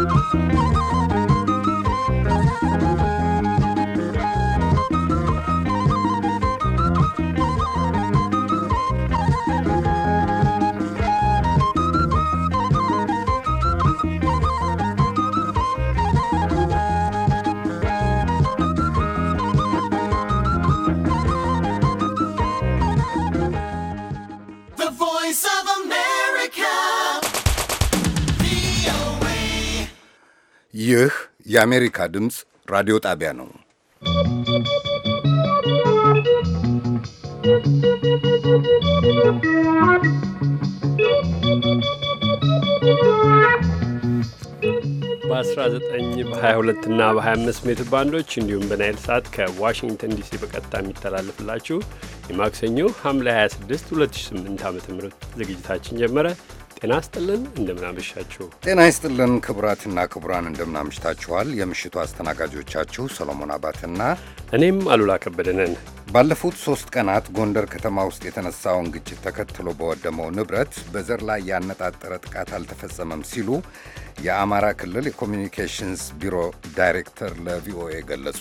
Thank you. የአሜሪካ ድምፅ ራዲዮ ጣቢያ ነው። በ19 በ22 እና በ25 ሜትር ባንዶች እንዲሁም በናይል ሰዓት ከዋሽንግተን ዲሲ በቀጥታ የሚተላለፍላችሁ የማክሰኞ ሐምሌ 26 2008 ዓ ም ዝግጅታችን ጀመረ። ጤና ይስጥልን፣ እንደምናመሻችሁ። ጤና ይስጥልን ክቡራትና ክቡራን፣ እንደምናመሽታችኋል። የምሽቱ አስተናጋጆቻችሁ ሰሎሞን አባትና እኔም አሉላ ከበደ ነን። ባለፉት ሶስት ቀናት ጎንደር ከተማ ውስጥ የተነሳውን ግጭት ተከትሎ በወደመው ንብረት በዘር ላይ ያነጣጠረ ጥቃት አልተፈጸመም ሲሉ የአማራ ክልል የኮሚኒኬሽንስ ቢሮ ዳይሬክተር ለቪኦኤ ገለጹ።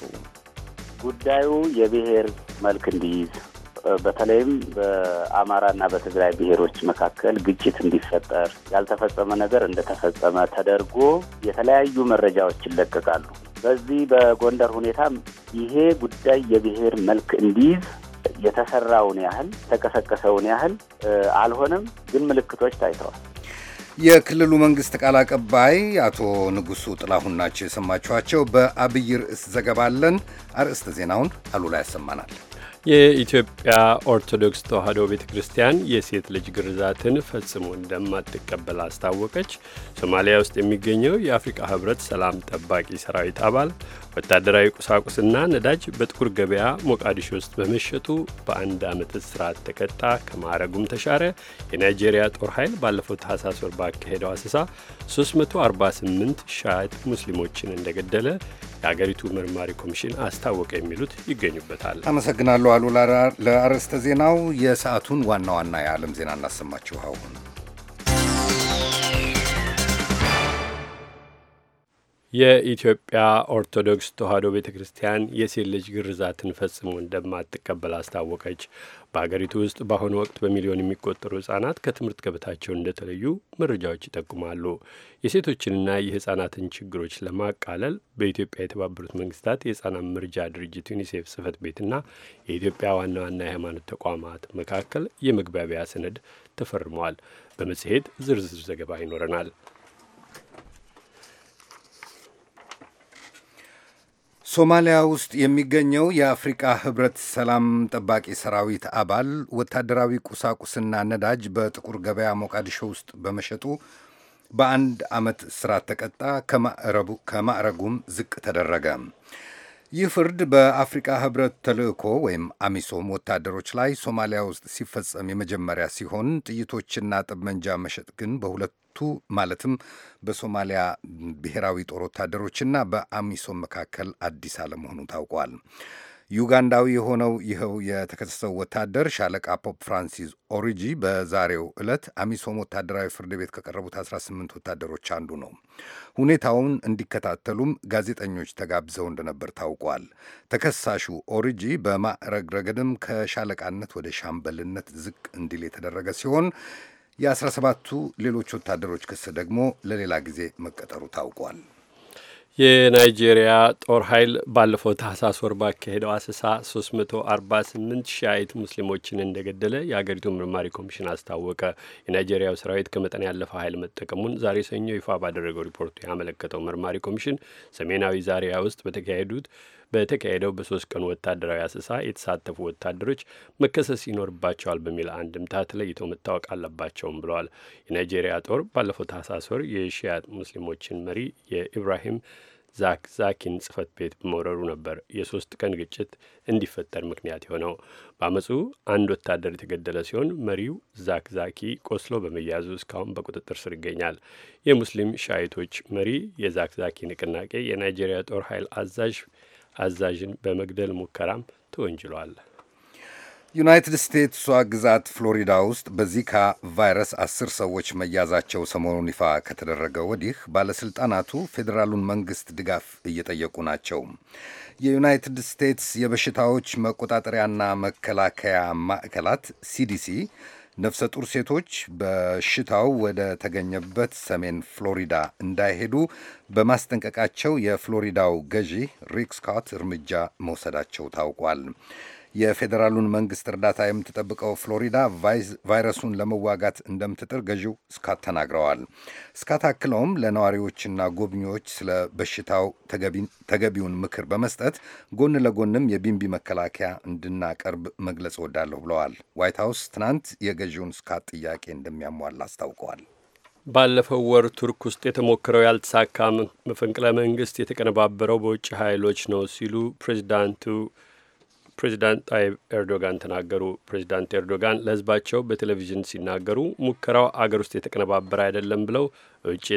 ጉዳዩ የብሔር መልክ እንዲይዝ በተለይም በአማራና በትግራይ ብሔሮች መካከል ግጭት እንዲፈጠር ያልተፈጸመ ነገር እንደተፈጸመ ተደርጎ የተለያዩ መረጃዎች ይለቀቃሉ። በዚህ በጎንደር ሁኔታ ይሄ ጉዳይ የብሔር መልክ እንዲይዝ የተሰራውን ያህል የተቀሰቀሰውን ያህል አልሆነም፣ ግን ምልክቶች ታይተዋል። የክልሉ መንግስት ቃል አቀባይ አቶ ንጉሱ ጥላሁን ናቸው የሰማችኋቸው። በአብይ ርዕስ ዘገባ አለን። አርዕስተ ዜናውን አሉላ ያሰማናል። የኢትዮጵያ ኦርቶዶክስ ተዋሕዶ ቤተ ክርስቲያን የሴት ልጅ ግርዛትን ፈጽሞ እንደማትቀበል አስታወቀች። ሶማሊያ ውስጥ የሚገኘው የአፍሪካ ሕብረት ሰላም ጠባቂ ሰራዊት አባል ወታደራዊ ቁሳቁስና ነዳጅ በጥቁር ገበያ ሞቃዲሾ ውስጥ በመሸጡ በአንድ ዓመት እስራት ተቀጣ፣ ከማዕረጉም ተሻረ። የናይጄሪያ ጦር ኃይል ባለፈው ታህሳስ ወር ባካሄደው አሰሳ 348 ሻት ሙስሊሞችን እንደገደለ የአገሪቱ ምርማሪ ኮሚሽን አስታወቀ የሚሉት ይገኙበታል። አመሰግናለሁ አሉላ። ለአርዕስተ ዜናው የሰዓቱን ዋና ዋና የዓለም ዜና እናሰማችሁ አሁን የኢትዮጵያ ኦርቶዶክስ ተዋሕዶ ቤተ ክርስቲያን የሴት ልጅ ግርዛትን ፈጽሞ እንደማትቀበል አስታወቀች። በሀገሪቱ ውስጥ በአሁኑ ወቅት በሚሊዮን የሚቆጠሩ ህጻናት ከትምህርት ገበታቸው እንደተለዩ መረጃዎች ይጠቁማሉ። የሴቶችንና የህጻናትን ችግሮች ለማቃለል በኢትዮጵያ የተባበሩት መንግስታት የህጻናት መርጃ ድርጅት ዩኒሴፍ ጽህፈት ቤትና የኢትዮጵያ ዋና ዋና የሃይማኖት ተቋማት መካከል የመግባቢያ ሰነድ ተፈርመዋል። በመጽሔት ዝርዝር ዘገባ ይኖረናል። ሶማሊያ ውስጥ የሚገኘው የአፍሪቃ ህብረት ሰላም ጠባቂ ሰራዊት አባል ወታደራዊ ቁሳቁስና ነዳጅ በጥቁር ገበያ ሞቃዲሾ ውስጥ በመሸጡ በአንድ ዓመት እስራት ተቀጣ፣ ከማዕረጉም ዝቅ ተደረገ። ይህ ፍርድ በአፍሪቃ ህብረት ተልእኮ ወይም አሚሶም ወታደሮች ላይ ሶማሊያ ውስጥ ሲፈጸም የመጀመሪያ ሲሆን ጥይቶችና ጠመንጃ መሸጥ ግን በሁለቱ ማለትም በሶማሊያ ብሔራዊ ጦር ወታደሮችና በአሚሶም መካከል አዲስ አለመሆኑ ታውቋል። ዩጋንዳዊ የሆነው ይኸው የተከሰሰው ወታደር ሻለቃ ፖፕ ፍራንሲስ ኦሪጂ በዛሬው ዕለት አሚሶም ወታደራዊ ፍርድ ቤት ከቀረቡት 18 ወታደሮች አንዱ ነው። ሁኔታውን እንዲከታተሉም ጋዜጠኞች ተጋብዘው እንደነበር ታውቋል። ተከሳሹ ኦሪጂ በማዕረግ ረገድም ከሻለቃነት ወደ ሻምበልነት ዝቅ እንዲል የተደረገ ሲሆን የ17ቱ ሌሎች ወታደሮች ክስ ደግሞ ለሌላ ጊዜ መቀጠሩ ታውቋል። የናይጄሪያ ጦር ኃይል ባለፈው ታህሳስ ወር ባካሄደው አሰሳ 348 ሺአይት ሙስሊሞችን እንደገደለ የአገሪቱ ምርማሪ ኮሚሽን አስታወቀ። የናይጄሪያው ሰራዊት ከመጠን ያለፈ ኃይል መጠቀሙን ዛሬ ሰኞ ይፋ ባደረገው ሪፖርቱ ያመለከተው ምርማሪ ኮሚሽን ሰሜናዊ ዛሪያ ውስጥ በተካሄዱት በተካሄደው በሶስት ቀን ወታደራዊ አሰሳ የተሳተፉ ወታደሮች መከሰስ ይኖርባቸዋል በሚል አንድምታ ተለይቶ መታወቅ አለባቸውም ብለዋል። የናይጄሪያ ጦር ባለፈው ታህሳስ ወር የሺያት ሙስሊሞችን መሪ የኢብራሂም ዛክዛኪን ጽህፈት ቤት በመውረሩ ነበር የሶስት ቀን ግጭት እንዲፈጠር ምክንያት የሆነው። በአመፁ አንድ ወታደር የተገደለ ሲሆን መሪው ዛክዛኪ ቆስሎ በመያዙ እስካሁን በቁጥጥር ስር ይገኛል። የሙስሊም ሻይቶች መሪ የዛክዛኪ ንቅናቄ የናይጄሪያ ጦር ኃይል አዛዥ አዛዥን በመግደል ሙከራም ተወንጅሏል። ዩናይትድ ስቴትሷ ግዛት ፍሎሪዳ ውስጥ በዚካ ቫይረስ አስር ሰዎች መያዛቸው ሰሞኑን ይፋ ከተደረገ ወዲህ ባለሥልጣናቱ ፌዴራሉን መንግሥት ድጋፍ እየጠየቁ ናቸው። የዩናይትድ ስቴትስ የበሽታዎች መቆጣጠሪያና መከላከያ ማዕከላት ሲዲሲ ነፍሰ ጡር ሴቶች በሽታው ወደ ተገኘበት ሰሜን ፍሎሪዳ እንዳይሄዱ በማስጠንቀቃቸው የፍሎሪዳው ገዢ ሪክ ስኮት እርምጃ መውሰዳቸው ታውቋል። የፌዴራሉን መንግስት እርዳታ የምትጠብቀው ፍሎሪዳ ቫይረሱን ለመዋጋት እንደምትጥር ገዢው ስካት ተናግረዋል። ስካት አክለውም ለነዋሪዎችና ጎብኚዎች ስለ በሽታው ተገቢውን ምክር በመስጠት ጎን ለጎንም የቢንቢ መከላከያ እንድናቀርብ መግለጽ እወዳለሁ ብለዋል። ዋይት ሀውስ ትናንት የገዢውን ስካት ጥያቄ እንደሚያሟላ አስታውቀዋል። ባለፈው ወር ቱርክ ውስጥ የተሞክረው ያልተሳካ መፈንቅለ መንግስት የተቀነባበረው በውጭ ኃይሎች ነው ሲሉ ፕሬዚዳንቱ ፕሬዚዳንት ጣይብ ኤርዶጋን ተናገሩ። ፕሬዚዳንት ኤርዶጋን ለህዝባቸው በቴሌቪዥን ሲናገሩ ሙከራው አገር ውስጥ የተቀነባበረ አይደለም ብለው ውጭ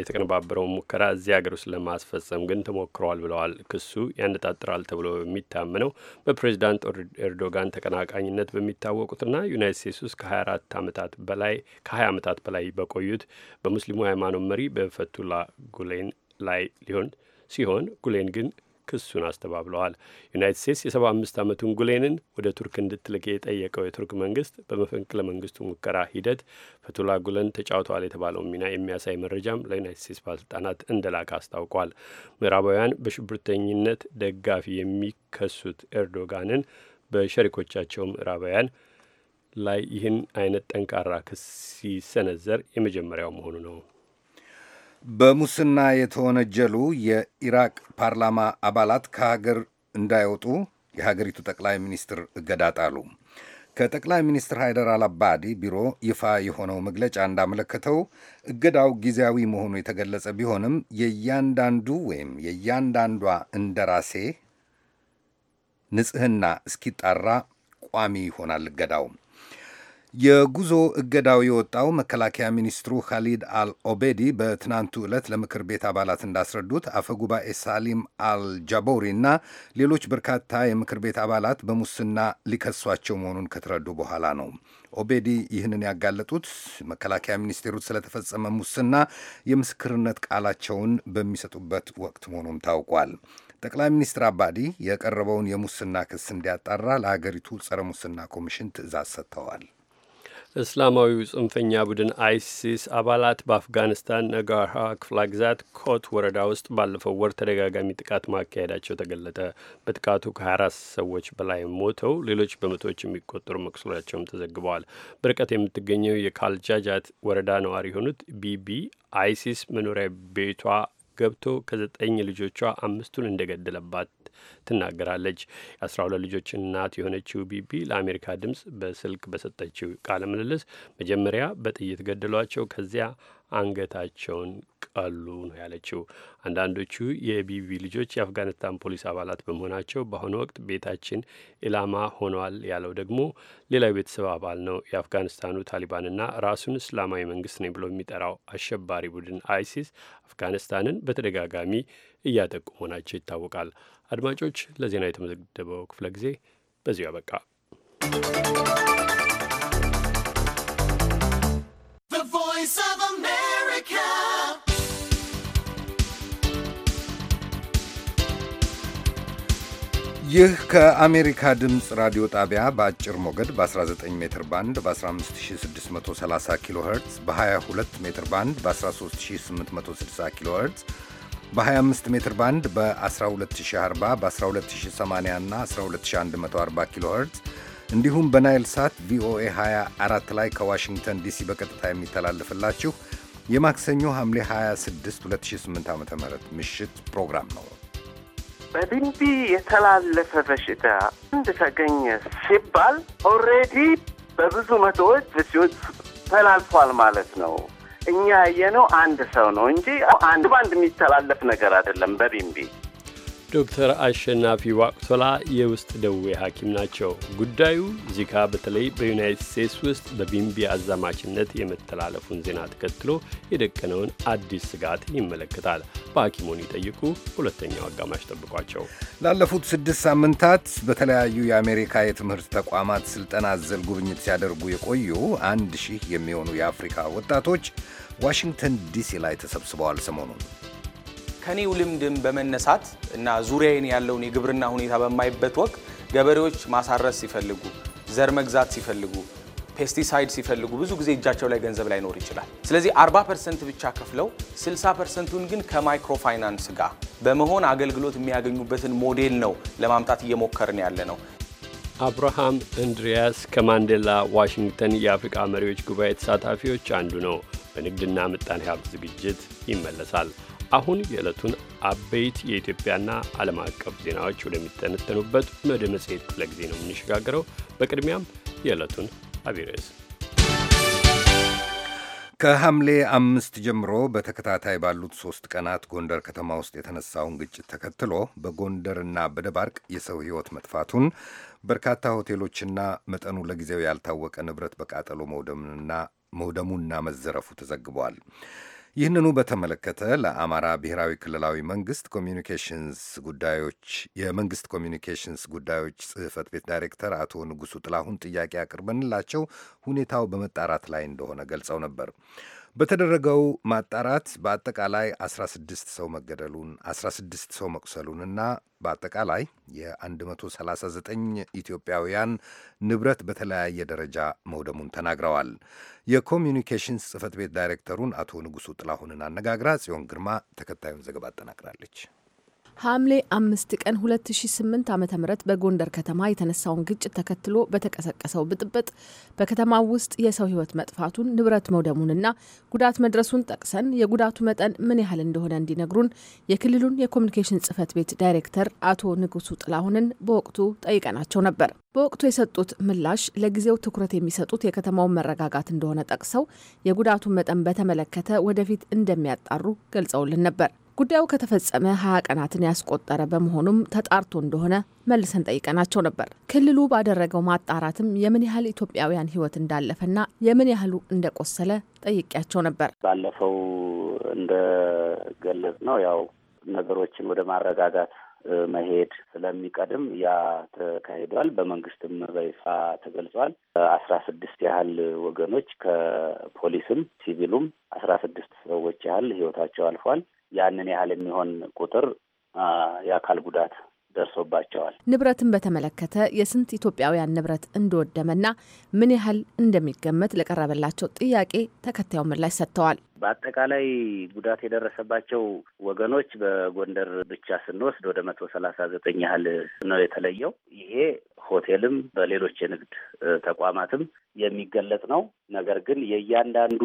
የተቀነባበረውን ሙከራ እዚህ አገር ውስጥ ለማስፈጸም ግን ተሞክሯል ብለዋል። ክሱ ያነጣጥራል ተብሎ በሚታመነው በፕሬዚዳንት ኤርዶጋን ተቀናቃኝነት በሚታወቁትና ዩናይት ስቴትስ ውስጥ ከ24 ዓመታት በላይ ከ20 ዓመታት በላይ በቆዩት በሙስሊሙ ሃይማኖት መሪ በፈቱላ ጉሌን ላይ ሊሆን ሲሆን ጉሌን ግን ክሱን አስተባብለዋል። ዩናይት ስቴትስ የሰባ አምስት ዓመቱን ጉሌንን ወደ ቱርክ እንድትልክ የጠየቀው የቱርክ መንግስት በመፈንቅለ መንግስቱ ሙከራ ሂደት ፈቱላ ጉለን ተጫውተዋል የተባለው ሚና የሚያሳይ መረጃም ለዩናይት ስቴትስ ባለስልጣናት እንደላከ አስታውቋል። ምዕራባውያን በሽብርተኝነት ደጋፊ የሚከሱት ኤርዶጋንን በሸሪኮቻቸው ምዕራባውያን ላይ ይህን አይነት ጠንካራ ክስ ሲሰነዘር የመጀመሪያው መሆኑ ነው። በሙስና የተወነጀሉ የኢራቅ ፓርላማ አባላት ከሀገር እንዳይወጡ የሀገሪቱ ጠቅላይ ሚኒስትር እገዳ ጣሉ። ከጠቅላይ ሚኒስትር ሃይደር አልአባዲ ቢሮ ይፋ የሆነው መግለጫ እንዳመለከተው እገዳው ጊዜያዊ መሆኑ የተገለጸ ቢሆንም የእያንዳንዱ ወይም የእያንዳንዷ እንደራሴ ንጽህና እስኪጣራ ቋሚ ይሆናል እገዳው። የጉዞ እገዳው የወጣው መከላከያ ሚኒስትሩ ካሊድ አልኦቤዲ በትናንቱ ዕለት ለምክር ቤት አባላት እንዳስረዱት አፈጉባኤ ሳሊም አልጃቦሪ እና ሌሎች በርካታ የምክር ቤት አባላት በሙስና ሊከሷቸው መሆኑን ከተረዱ በኋላ ነው። ኦቤዲ ይህንን ያጋለጡት መከላከያ ሚኒስቴሩ ስለተፈጸመ ሙስና የምስክርነት ቃላቸውን በሚሰጡበት ወቅት መሆኑም ታውቋል። ጠቅላይ ሚኒስትር አባዲ የቀረበውን የሙስና ክስ እንዲያጣራ ለሀገሪቱ ጸረ ሙስና ኮሚሽን ትዕዛዝ ሰጥተዋል። እስላማዊው ጽንፈኛ ቡድን አይሲስ አባላት በአፍጋኒስታን ነጋርሃ ክፍለ ግዛት ኮት ወረዳ ውስጥ ባለፈው ወር ተደጋጋሚ ጥቃት ማካሄዳቸው ተገለጠ። በጥቃቱ ከ24 ሰዎች በላይ ሞተው ሌሎች በመቶዎች የሚቆጠሩ መቁሰላቸውም ተዘግበዋል። በርቀት የምትገኘው የካልጃጃት ወረዳ ነዋሪ የሆኑት ቢቢ አይሲስ መኖሪያ ቤቷ ገብቶ ከዘጠኝ ልጆቿ አምስቱን እንደገደለባት ትናገራለች። የአስራ ሁለት ልጆች እናት የሆነችው ቢቢ ለአሜሪካ ድምፅ በስልክ በሰጠችው ቃለ ምልልስ መጀመሪያ በጥይት ገደሏቸው፣ ከዚያ አንገታቸውን ቀሉ ነው ያለችው። አንዳንዶቹ የቢቢ ልጆች የአፍጋኒስታን ፖሊስ አባላት በመሆናቸው በአሁኑ ወቅት ቤታችን ኢላማ ሆኗል ያለው ደግሞ ሌላ ቤተሰብ አባል ነው። የአፍጋኒስታኑ ታሊባንና ራሱን እስላማዊ መንግስት ነኝ ብሎ የሚጠራው አሸባሪ ቡድን አይሲስ አፍጋኒስታንን በተደጋጋሚ እያጠቁ መሆናቸው ይታወቃል። አድማጮች፣ ለዜና የተመዘገበው ክፍለ ጊዜ በዚሁ ያበቃ። ይህ ከአሜሪካ ድምፅ ራዲዮ ጣቢያ በአጭር ሞገድ በ19 ሜትር ባንድ በ15630 ኪሎ ኸርትዝ በ22 ሜትር ባንድ በ13860 ኪሎ ኸርትዝ በ25 ሜትር ባንድ በ12040 በ12080 እና 12140 ኪሎ ኸርትዝ እንዲሁም በናይል ሳት ቪኦኤ 24 ላይ ከዋሽንግተን ዲሲ በቀጥታ የሚተላለፍላችሁ የማክሰኞ ሐምሌ 26 2008 ዓ ም ምሽት ፕሮግራም ነው። በድንቢ የተላለፈ በሽታ እንድ ተገኘ ሲባል ኦሬዲ በብዙ መቶዎች ተላልፏል ማለት ነው። እኛ ያየነው አንድ ሰው ነው እንጂ አንድ ባንድ የሚተላለፍ ነገር አይደለም። በቢምቢ ዶክተር አሸናፊ ዋቅቶላ የውስጥ ደዌ ሐኪም ናቸው። ጉዳዩ ዚካ በተለይ በዩናይትድ ስቴትስ ውስጥ በቢምቢ አዛማችነት የመተላለፉን ዜና ተከትሎ የደቀነውን አዲስ ስጋት ይመለከታል። በሐኪሙን ይጠይቁ ሁለተኛው አጋማሽ ጠብቋቸው። ላለፉት ስድስት ሳምንታት በተለያዩ የአሜሪካ የትምህርት ተቋማት ስልጠና አዘል ጉብኝት ሲያደርጉ የቆዩ አንድ ሺህ የሚሆኑ የአፍሪካ ወጣቶች ዋሽንግተን ዲሲ ላይ ተሰብስበዋል ሰሞኑን ከኔው ልምድም በመነሳት እና ዙሪያዬን ያለውን የግብርና ሁኔታ በማይበት ወቅት ገበሬዎች ማሳረስ ሲፈልጉ፣ ዘር መግዛት ሲፈልጉ፣ ፔስቲሳይድ ሲፈልጉ ብዙ ጊዜ እጃቸው ላይ ገንዘብ ላይኖር ይችላል። ስለዚህ 40 ፐርሰንት ብቻ ከፍለው 60 ፐርሰንቱን ግን ከማይክሮፋይናንስ ጋር በመሆን አገልግሎት የሚያገኙበትን ሞዴል ነው ለማምጣት እየሞከርን ያለ ነው። አብርሃም እንድሪያስ ከማንዴላ ዋሽንግተን የአፍሪቃ መሪዎች ጉባኤ ተሳታፊዎች አንዱ ነው። በንግድና ምጣኔ ሀብት ዝግጅት ይመለሳል። አሁን የዕለቱን አበይት የኢትዮጵያና ዓለም አቀፍ ዜናዎች ወደሚተነተኑበት ወደ መጽሔት ክፍለ ጊዜ ነው የምንሸጋገረው። በቅድሚያም የዕለቱን አብይ ርዕስ ከሐምሌ አምስት ጀምሮ በተከታታይ ባሉት ሦስት ቀናት ጎንደር ከተማ ውስጥ የተነሳውን ግጭት ተከትሎ በጎንደርና በደባርቅ የሰው ሕይወት መጥፋቱን በርካታ ሆቴሎችና መጠኑ ለጊዜው ያልታወቀ ንብረት በቃጠሎ መውደሙና መዘረፉ ተዘግቧል። ይህንኑ በተመለከተ ለአማራ ብሔራዊ ክልላዊ መንግስት ኮሚኒኬሽንስ ጉዳዮች የመንግስት ኮሚኒኬሽንስ ጉዳዮች ጽህፈት ቤት ዳይሬክተር አቶ ንጉሱ ጥላሁን ጥያቄ አቅርበንላቸው ሁኔታው በመጣራት ላይ እንደሆነ ገልጸው ነበር። በተደረገው ማጣራት በአጠቃላይ 16 ሰው መገደሉን 16 ሰው መቁሰሉንና በአጠቃላይ የ139 ኢትዮጵያውያን ንብረት በተለያየ ደረጃ መውደሙን ተናግረዋል። የኮሚኒኬሽንስ ጽፈት ቤት ዳይሬክተሩን አቶ ንጉሱ ጥላሁንን አነጋግራ ጽዮን ግርማ ተከታዩን ዘገባ አጠናቅራለች። ሐምሌ አምስት ቀን 2008 ዓ ም በጎንደር ከተማ የተነሳውን ግጭት ተከትሎ በተቀሰቀሰው ብጥብጥ በከተማው ውስጥ የሰው ህይወት መጥፋቱን ንብረት መውደሙንና ጉዳት መድረሱን ጠቅሰን የጉዳቱ መጠን ምን ያህል እንደሆነ እንዲነግሩን የክልሉን የኮሚኒኬሽን ጽህፈት ቤት ዳይሬክተር አቶ ንጉሱ ጥላሁንን በወቅቱ ጠይቀናቸው ነበር። በወቅቱ የሰጡት ምላሽ ለጊዜው ትኩረት የሚሰጡት የከተማውን መረጋጋት እንደሆነ ጠቅሰው የጉዳቱን መጠን በተመለከተ ወደፊት እንደሚያጣሩ ገልጸውልን ነበር። ጉዳዩ ከተፈጸመ ሀያ ቀናትን ያስቆጠረ በመሆኑም ተጣርቶ እንደሆነ መልሰን ጠይቀናቸው ነበር። ክልሉ ባደረገው ማጣራትም የምን ያህል ኢትዮጵያውያን ሕይወት እንዳለፈና የምን ያህሉ እንደቆሰለ ጠይቄያቸው ነበር። ባለፈው እንደገለጽ ነው ያው ነገሮችን ወደ ማረጋጋት መሄድ ስለሚቀድም ያ ተካሂዷል። በመንግስትም በይፋ ተገልጿል። አስራ ስድስት ያህል ወገኖች ከፖሊስም ሲቪሉም አስራ ስድስት ሰዎች ያህል ህይወታቸው አልፏል። ያንን ያህል የሚሆን ቁጥር የአካል ጉዳት ደርሶባቸዋል። ንብረትን በተመለከተ የስንት ኢትዮጵያውያን ንብረት እንደወደመና ምን ያህል እንደሚገመት ለቀረበላቸው ጥያቄ ተከታዩ ምላሽ ሰጥተዋል። በአጠቃላይ ጉዳት የደረሰባቸው ወገኖች በጎንደር ብቻ ስንወስድ ወደ መቶ ሰላሳ ዘጠኝ ያህል ነው የተለየው። ይሄ ሆቴልም በሌሎች የንግድ ተቋማትም የሚገለጽ ነው። ነገር ግን የእያንዳንዱ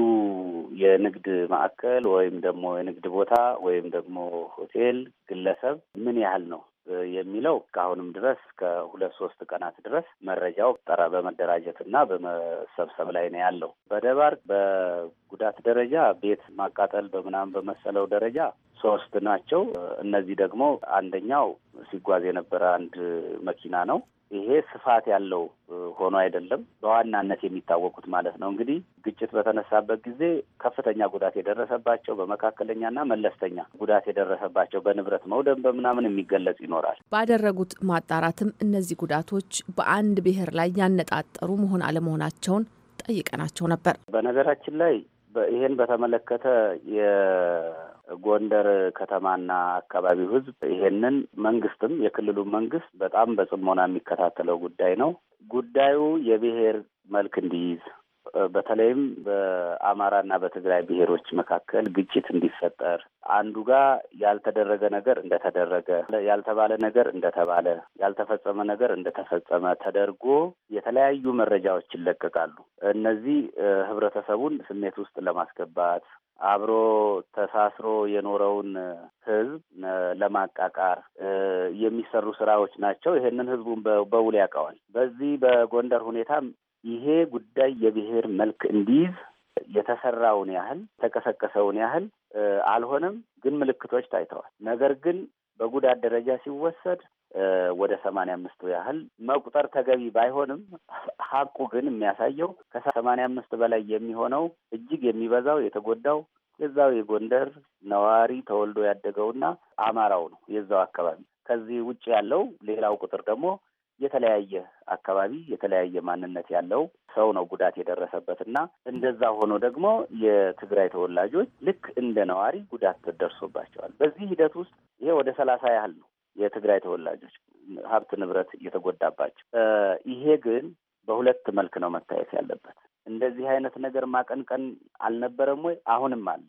የንግድ ማዕከል ወይም ደግሞ የንግድ ቦታ ወይም ደግሞ ሆቴል ግለሰብ ምን ያህል ነው የሚለው እስካሁንም ድረስ ከሁለት ሶስት ቀናት ድረስ መረጃው ጠረ በመደራጀት እና በመሰብሰብ ላይ ነው ያለው። በደባርቅ በጉዳት ደረጃ ቤት ማቃጠል በምናምን በመሰለው ደረጃ ሶስት ናቸው። እነዚህ ደግሞ አንደኛው ሲጓዝ የነበረ አንድ መኪና ነው። ይሄ ስፋት ያለው ሆኖ አይደለም በዋናነት የሚታወቁት ማለት ነው። እንግዲህ ግጭት በተነሳበት ጊዜ ከፍተኛ ጉዳት የደረሰባቸው፣ በመካከለኛና መለስተኛ ጉዳት የደረሰባቸው በንብረት መውደም በምናምን የሚገለጽ ይኖራል። ባደረጉት ማጣራትም እነዚህ ጉዳቶች በአንድ ብሔር ላይ ያነጣጠሩ መሆን አለመሆናቸውን ጠይቀናቸው ነበር። በነገራችን ላይ ይህን በተመለከተ የጎንደር ከተማና አካባቢው ሕዝብ ይሄንን መንግስትም የክልሉ መንግስት በጣም በጽሞና የሚከታተለው ጉዳይ ነው። ጉዳዩ የብሔር መልክ እንዲይዝ በተለይም በአማራና በትግራይ ብሔሮች መካከል ግጭት እንዲፈጠር አንዱ ጋር ያልተደረገ ነገር እንደተደረገ፣ ያልተባለ ነገር እንደተባለ፣ ያልተፈጸመ ነገር እንደተፈጸመ ተደርጎ የተለያዩ መረጃዎች ይለቀቃሉ። እነዚህ ህብረተሰቡን ስሜት ውስጥ ለማስገባት አብሮ ተሳስሮ የኖረውን ህዝብ ለማቃቃር የሚሰሩ ስራዎች ናቸው። ይሄንን ህዝቡን በውል ያውቀዋል። በዚህ በጎንደር ሁኔታም ይሄ ጉዳይ የብሔር መልክ እንዲይዝ የተሰራውን ያህል የተቀሰቀሰውን ያህል አልሆነም፣ ግን ምልክቶች ታይተዋል። ነገር ግን በጉዳት ደረጃ ሲወሰድ ወደ ሰማንያ አምስቱ ያህል መቁጠር ተገቢ ባይሆንም ሀቁ ግን የሚያሳየው ከሰማንያ አምስት በላይ የሚሆነው እጅግ የሚበዛው የተጎዳው የዛው የጎንደር ነዋሪ ተወልዶ ያደገውና አማራው ነው የዛው አካባቢ። ከዚህ ውጭ ያለው ሌላው ቁጥር ደግሞ የተለያየ አካባቢ የተለያየ ማንነት ያለው ሰው ነው ጉዳት የደረሰበት እና እንደዛ ሆኖ ደግሞ የትግራይ ተወላጆች ልክ እንደ ነዋሪ ጉዳት ደርሶባቸዋል። በዚህ ሂደት ውስጥ ይሄ ወደ ሰላሳ ያህል ነው የትግራይ ተወላጆች ሀብት ንብረት እየተጎዳባቸው። ይሄ ግን በሁለት መልክ ነው መታየት ያለበት። እንደዚህ አይነት ነገር ማቀንቀን አልነበረም ወይ? አሁንም አለ።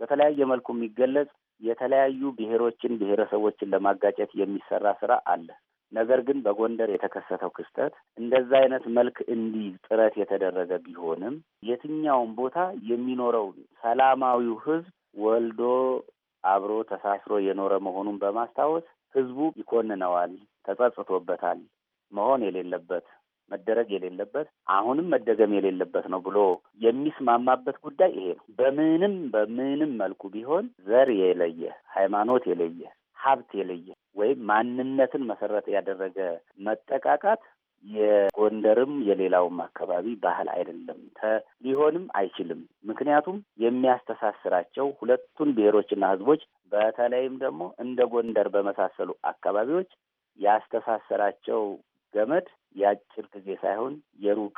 በተለያየ መልኩ የሚገለጽ የተለያዩ ብሔሮችን ብሔረሰቦችን ለማጋጨት የሚሰራ ስራ አለ። ነገር ግን በጎንደር የተከሰተው ክስተት እንደዛ አይነት መልክ እንዲይዝ ጥረት የተደረገ ቢሆንም የትኛውም ቦታ የሚኖረውን ሰላማዊው ህዝብ ወልዶ አብሮ ተሳስሮ የኖረ መሆኑን በማስታወስ ህዝቡ ይኮንነዋል፣ ተጸጽቶበታል። መሆን የሌለበት መደረግ የሌለበት አሁንም መደገም የሌለበት ነው ብሎ የሚስማማበት ጉዳይ ይሄ ነው። በምንም በምንም መልኩ ቢሆን ዘር የለየ ሃይማኖት የለየ ሀብት የለየ ወይም ማንነትን መሰረት ያደረገ መጠቃቃት የጎንደርም የሌላውም አካባቢ ባህል አይደለም ተ ሊሆንም አይችልም። ምክንያቱም የሚያስተሳስራቸው ሁለቱን ብሔሮችና ህዝቦች በተለይም ደግሞ እንደ ጎንደር በመሳሰሉ አካባቢዎች ያስተሳሰራቸው ገመድ የአጭር ጊዜ ሳይሆን የሩቅ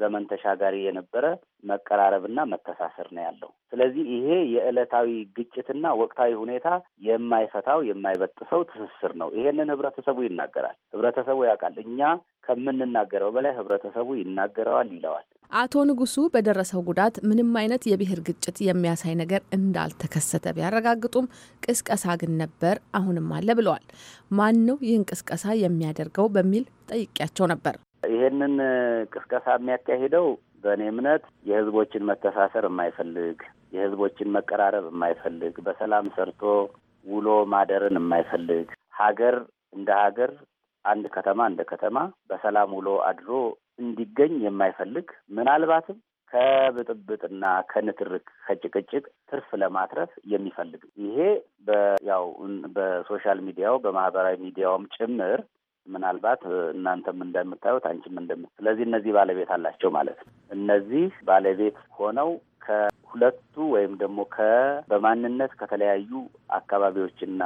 ዘመን ተሻጋሪ የነበረ መቀራረብና መተሳሰር ነው ያለው። ስለዚህ ይሄ የዕለታዊ ግጭትና ወቅታዊ ሁኔታ የማይፈታው የማይበጥሰው ትስስር ነው። ይሄንን ህብረተሰቡ ይናገራል፣ ህብረተሰቡ ያውቃል። እኛ ከምንናገረው በላይ ህብረተሰቡ ይናገረዋል ይለዋል። አቶ ንጉሱ በደረሰው ጉዳት ምንም አይነት የብሔር ግጭት የሚያሳይ ነገር እንዳልተከሰተ ቢያረጋግጡም ቅስቀሳ ግን ነበር፣ አሁንም አለ ብለዋል። ማን ነው ይህን ቅስቀሳ የሚያደርገው በሚል ጠይቄያቸው ነበር። ይሄንን ቅስቀሳ የሚያካሂደው በእኔ እምነት የህዝቦችን መተሳሰር የማይፈልግ የህዝቦችን መቀራረብ የማይፈልግ በሰላም ሰርቶ ውሎ ማደርን የማይፈልግ ሀገር እንደ ሀገር አንድ ከተማ እንደ ከተማ በሰላም ውሎ አድሮ እንዲገኝ የማይፈልግ ምናልባትም ከብጥብጥና ከንትርክ ከጭቅጭቅ ትርፍ ለማትረፍ የሚፈልግ ይሄ በያው በሶሻል ሚዲያው በማህበራዊ ሚዲያውም ጭምር ምናልባት እናንተም እንደምታዩት አንቺም እንደም ስለዚህ እነዚህ ባለቤት አላቸው ማለት ነው። እነዚህ ባለቤት ሆነው ከሁለቱ ወይም ደግሞ ከ በማንነት ከተለያዩ አካባቢዎችና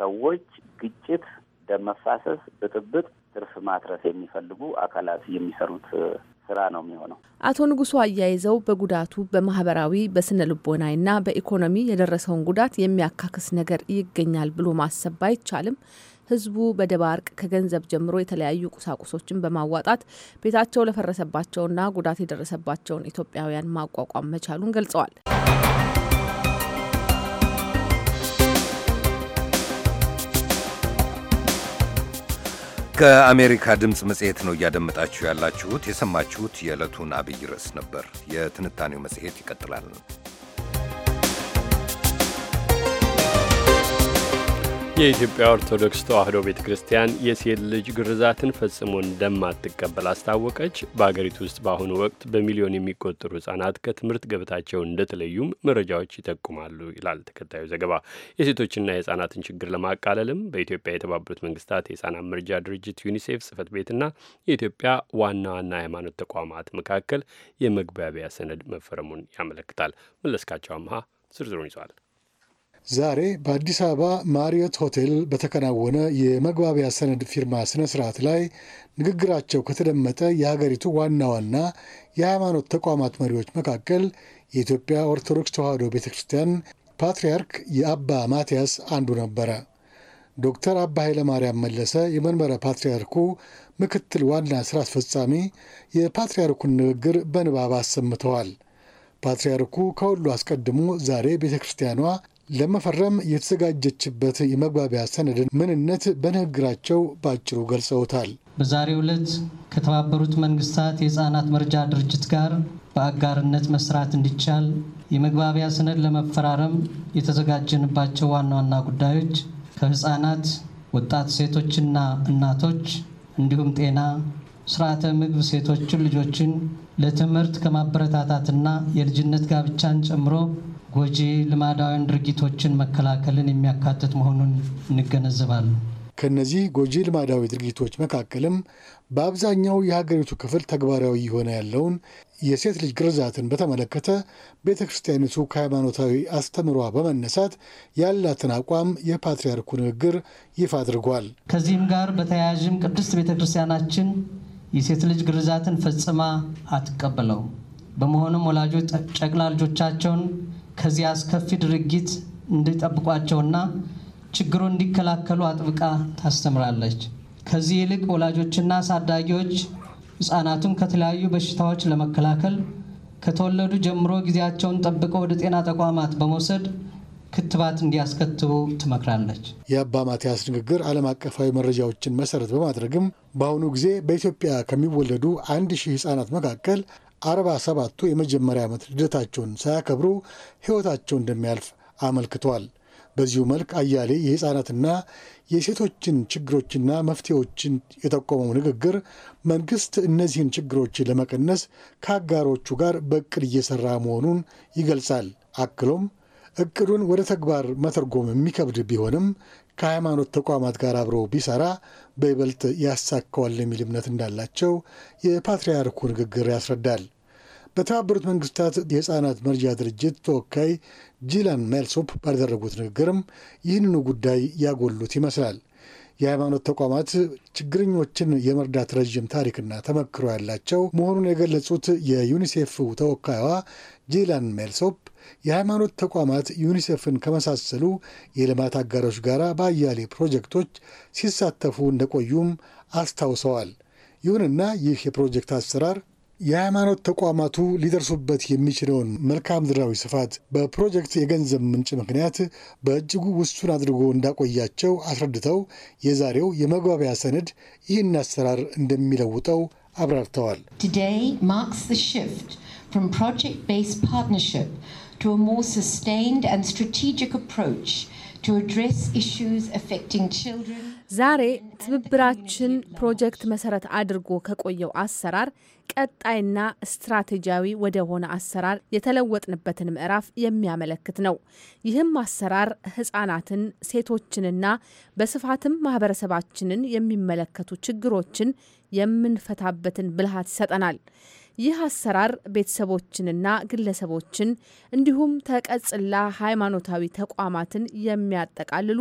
ሰዎች ግጭት፣ ደም መፋሰስ፣ ብጥብጥ ትርፍ ማትረፍ የሚፈልጉ አካላት የሚሰሩት ስራ ነው የሚሆነው። አቶ ንጉሱ አያይዘው በጉዳቱ በማህበራዊ በስነ ልቦናና በኢኮኖሚ የደረሰውን ጉዳት የሚያካክስ ነገር ይገኛል ብሎ ማሰብ አይቻልም። ህዝቡ በደባርቅ ከገንዘብ ጀምሮ የተለያዩ ቁሳቁሶችን በማዋጣት ቤታቸው ለፈረሰባቸውና ጉዳት የደረሰባቸውን ኢትዮጵያውያን ማቋቋም መቻሉን ገልጸዋል። ከአሜሪካ ድምፅ መጽሔት ነው እያደመጣችሁ ያላችሁት። የሰማችሁት የዕለቱን አብይ ርዕስ ነበር። የትንታኔው መጽሔት ይቀጥላል። የኢትዮጵያ ኦርቶዶክስ ተዋሕዶ ቤተ ክርስቲያን የሴት ልጅ ግርዛትን ፈጽሞ እንደማትቀበል አስታወቀች። በአገሪቱ ውስጥ በአሁኑ ወቅት በሚሊዮን የሚቆጠሩ ሕጻናት ከትምህርት ገበታቸው እንደተለዩም መረጃዎች ይጠቁማሉ ይላል ተከታዩ ዘገባ። የሴቶችና የሕጻናትን ችግር ለማቃለልም በኢትዮጵያ የተባበሩት መንግስታት የሕጻናት መርጃ ድርጅት ዩኒሴፍ ጽህፈት ቤትና የኢትዮጵያ ዋና ዋና ሃይማኖት ተቋማት መካከል የመግባቢያ ሰነድ መፈረሙን ያመለክታል። መለስካቸው አምሃ ዝርዝሩን ይዟል። ዛሬ በአዲስ አበባ ማሪዮት ሆቴል በተከናወነ የመግባቢያ ሰነድ ፊርማ ስነ ስርዓት ላይ ንግግራቸው ከተደመጠ የሀገሪቱ ዋና ዋና የሃይማኖት ተቋማት መሪዎች መካከል የኢትዮጵያ ኦርቶዶክስ ተዋሕዶ ቤተ ክርስቲያን ፓትርያርክ የአባ ማትያስ አንዱ ነበረ። ዶክተር አባ ኃይለማርያም መለሰ የመንበረ ፓትርያርኩ ምክትል ዋና ሥራ አስፈጻሚ የፓትርያርኩን ንግግር በንባብ አሰምተዋል። ፓትርያርኩ ከሁሉ አስቀድሞ ዛሬ ቤተ ክርስቲያኗ ለመፈረም የተዘጋጀችበት የመግባቢያ ሰነድን ምንነት በንግግራቸው በአጭሩ ገልጸውታል። በዛሬው ዕለት ከተባበሩት መንግስታት የህፃናት መርጃ ድርጅት ጋር በአጋርነት መስራት እንዲቻል የመግባቢያ ሰነድ ለመፈራረም የተዘጋጀንባቸው ዋና ዋና ጉዳዮች ከህፃናት ወጣት ሴቶችና እናቶች እንዲሁም ጤና፣ ስርዓተ ምግብ ሴቶችን ልጆችን ለትምህርት ከማበረታታትና የልጅነት ጋብቻን ጨምሮ ጎጂ ልማዳውያን ድርጊቶችን መከላከልን የሚያካትት መሆኑን እንገነዘባለን። ከነዚህ ጎጂ ልማዳዊ ድርጊቶች መካከልም በአብዛኛው የሀገሪቱ ክፍል ተግባራዊ የሆነ ያለውን የሴት ልጅ ግርዛትን በተመለከተ ቤተ ክርስቲያኒቱ ከሃይማኖታዊ አስተምሯ በመነሳት ያላትን አቋም የፓትርያርኩ ንግግር ይፋ አድርጓል። ከዚህም ጋር በተያያዥም ቅድስት ቤተ ክርስቲያናችን የሴት ልጅ ግርዛትን ፈጽማ አትቀበለው። በመሆኑም ወላጆች ጨቅላ ልጆቻቸውን ከዚያ አስከፊ ድርጊት እንዲጠብቋቸውና ችግሩን እንዲከላከሉ አጥብቃ ታስተምራለች። ከዚህ ይልቅ ወላጆችና አሳዳጊዎች ህፃናቱን ከተለያዩ በሽታዎች ለመከላከል ከተወለዱ ጀምሮ ጊዜያቸውን ጠብቀው ወደ ጤና ተቋማት በመውሰድ ክትባት እንዲያስከትቡ ትመክራለች። የአባ ማትያስ ንግግር ዓለም አቀፋዊ መረጃዎችን መሰረት በማድረግም በአሁኑ ጊዜ በኢትዮጵያ ከሚወለዱ አንድ ሺህ ህጻናት መካከል አርባ ሰባቱ የመጀመሪያ ዓመት ልደታቸውን ሳያከብሩ ሕይወታቸው እንደሚያልፍ አመልክቷል። በዚሁ መልክ አያሌ የሕፃናትና የሴቶችን ችግሮችና መፍትሄዎችን የጠቆመው ንግግር መንግሥት እነዚህን ችግሮች ለመቀነስ ከአጋሮቹ ጋር በእቅድ እየሠራ መሆኑን ይገልጻል። አክሎም እቅዱን ወደ ተግባር መተርጎም የሚከብድ ቢሆንም ከሃይማኖት ተቋማት ጋር አብሮ ቢሰራ በይበልጥ ያሳካዋል የሚል እምነት እንዳላቸው የፓትርያርኩ ንግግር ያስረዳል። በተባበሩት መንግስታት የህፃናት መርጃ ድርጅት ተወካይ ጂላን ሜልሶፕ ባደረጉት ንግግርም ይህንኑ ጉዳይ ያጎሉት ይመስላል። የሃይማኖት ተቋማት ችግረኞችን የመርዳት ረዥም ታሪክና ተመክሮ ያላቸው መሆኑን የገለጹት የዩኒሴፍ ተወካይዋ ጂላን ሜልሶፕ የሃይማኖት ተቋማት ዩኒሴፍን ከመሳሰሉ የልማት አጋሮች ጋር በአያሌ ፕሮጀክቶች ሲሳተፉ እንደቆዩም አስታውሰዋል። ይሁንና ይህ የፕሮጀክት አሰራር የሃይማኖት ተቋማቱ ሊደርሱበት የሚችለውን መልክዓ ምድራዊ ስፋት በፕሮጀክት የገንዘብ ምንጭ ምክንያት በእጅጉ ውሱን አድርጎ እንዳቆያቸው አስረድተው የዛሬው የመግባቢያ ሰነድ ይህን አሰራር እንደሚለውጠው አብራርተዋል። ፕሮጀክት ዛሬ ትብብራችን ፕሮጀክት መሰረት አድርጎ ከቆየው አሰራር ቀጣይና ስትራቴጂያዊ ወደ ሆነ አሰራር የተለወጥንበትን ምዕራፍ የሚያመለክት ነው። ይህም አሰራር ህጻናትን፣ ሴቶችንና በስፋትም ማህበረሰባችንን የሚመለከቱ ችግሮችን የምንፈታበትን ብልሃት ይሰጠናል። ይህ አሰራር ቤተሰቦችንና ግለሰቦችን እንዲሁም ተቀጽላ ሃይማኖታዊ ተቋማትን የሚያጠቃልሉ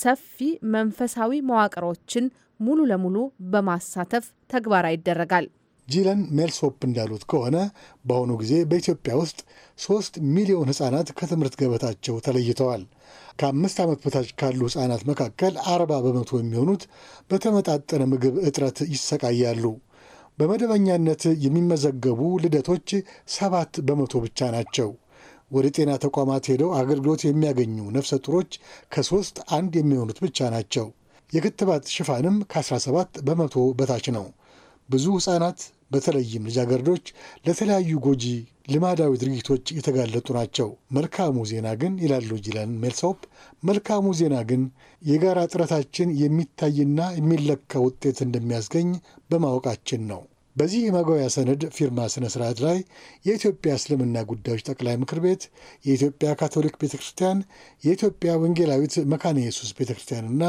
ሰፊ መንፈሳዊ መዋቅሮችን ሙሉ ለሙሉ በማሳተፍ ተግባራዊ ይደረጋል። ጂለን ሜልሶፕ እንዳሉት ከሆነ በአሁኑ ጊዜ በኢትዮጵያ ውስጥ ሶስት ሚሊዮን ህጻናት ከትምህርት ገበታቸው ተለይተዋል። ከአምስት ዓመት በታች ካሉ ህጻናት መካከል አርባ በመቶ የሚሆኑት በተመጣጠነ ምግብ እጥረት ይሰቃያሉ። በመደበኛነት የሚመዘገቡ ልደቶች ሰባት በመቶ ብቻ ናቸው። ወደ ጤና ተቋማት ሄደው አገልግሎት የሚያገኙ ነፍሰ ጡሮች ከሶስት አንድ የሚሆኑት ብቻ ናቸው። የክትባት ሽፋንም ከ17 በመቶ በታች ነው። ብዙ ሕፃናት በተለይም ልጃገረዶች ለተለያዩ ጎጂ ልማዳዊ ድርጊቶች የተጋለጡ ናቸው። መልካሙ ዜና ግን ይላሉ ጂላን ሜልሶፕ፣ መልካሙ ዜና ግን የጋራ ጥረታችን የሚታይና የሚለካ ውጤት እንደሚያስገኝ በማወቃችን ነው። በዚህ የማጓያ ሰነድ ፊርማ ስነ ስርዓት ላይ የኢትዮጵያ እስልምና ጉዳዮች ጠቅላይ ምክር ቤት፣ የኢትዮጵያ ካቶሊክ ቤተ ክርስቲያን፣ የኢትዮጵያ ወንጌላዊት መካነ ኢየሱስ ቤተ ክርስቲያንና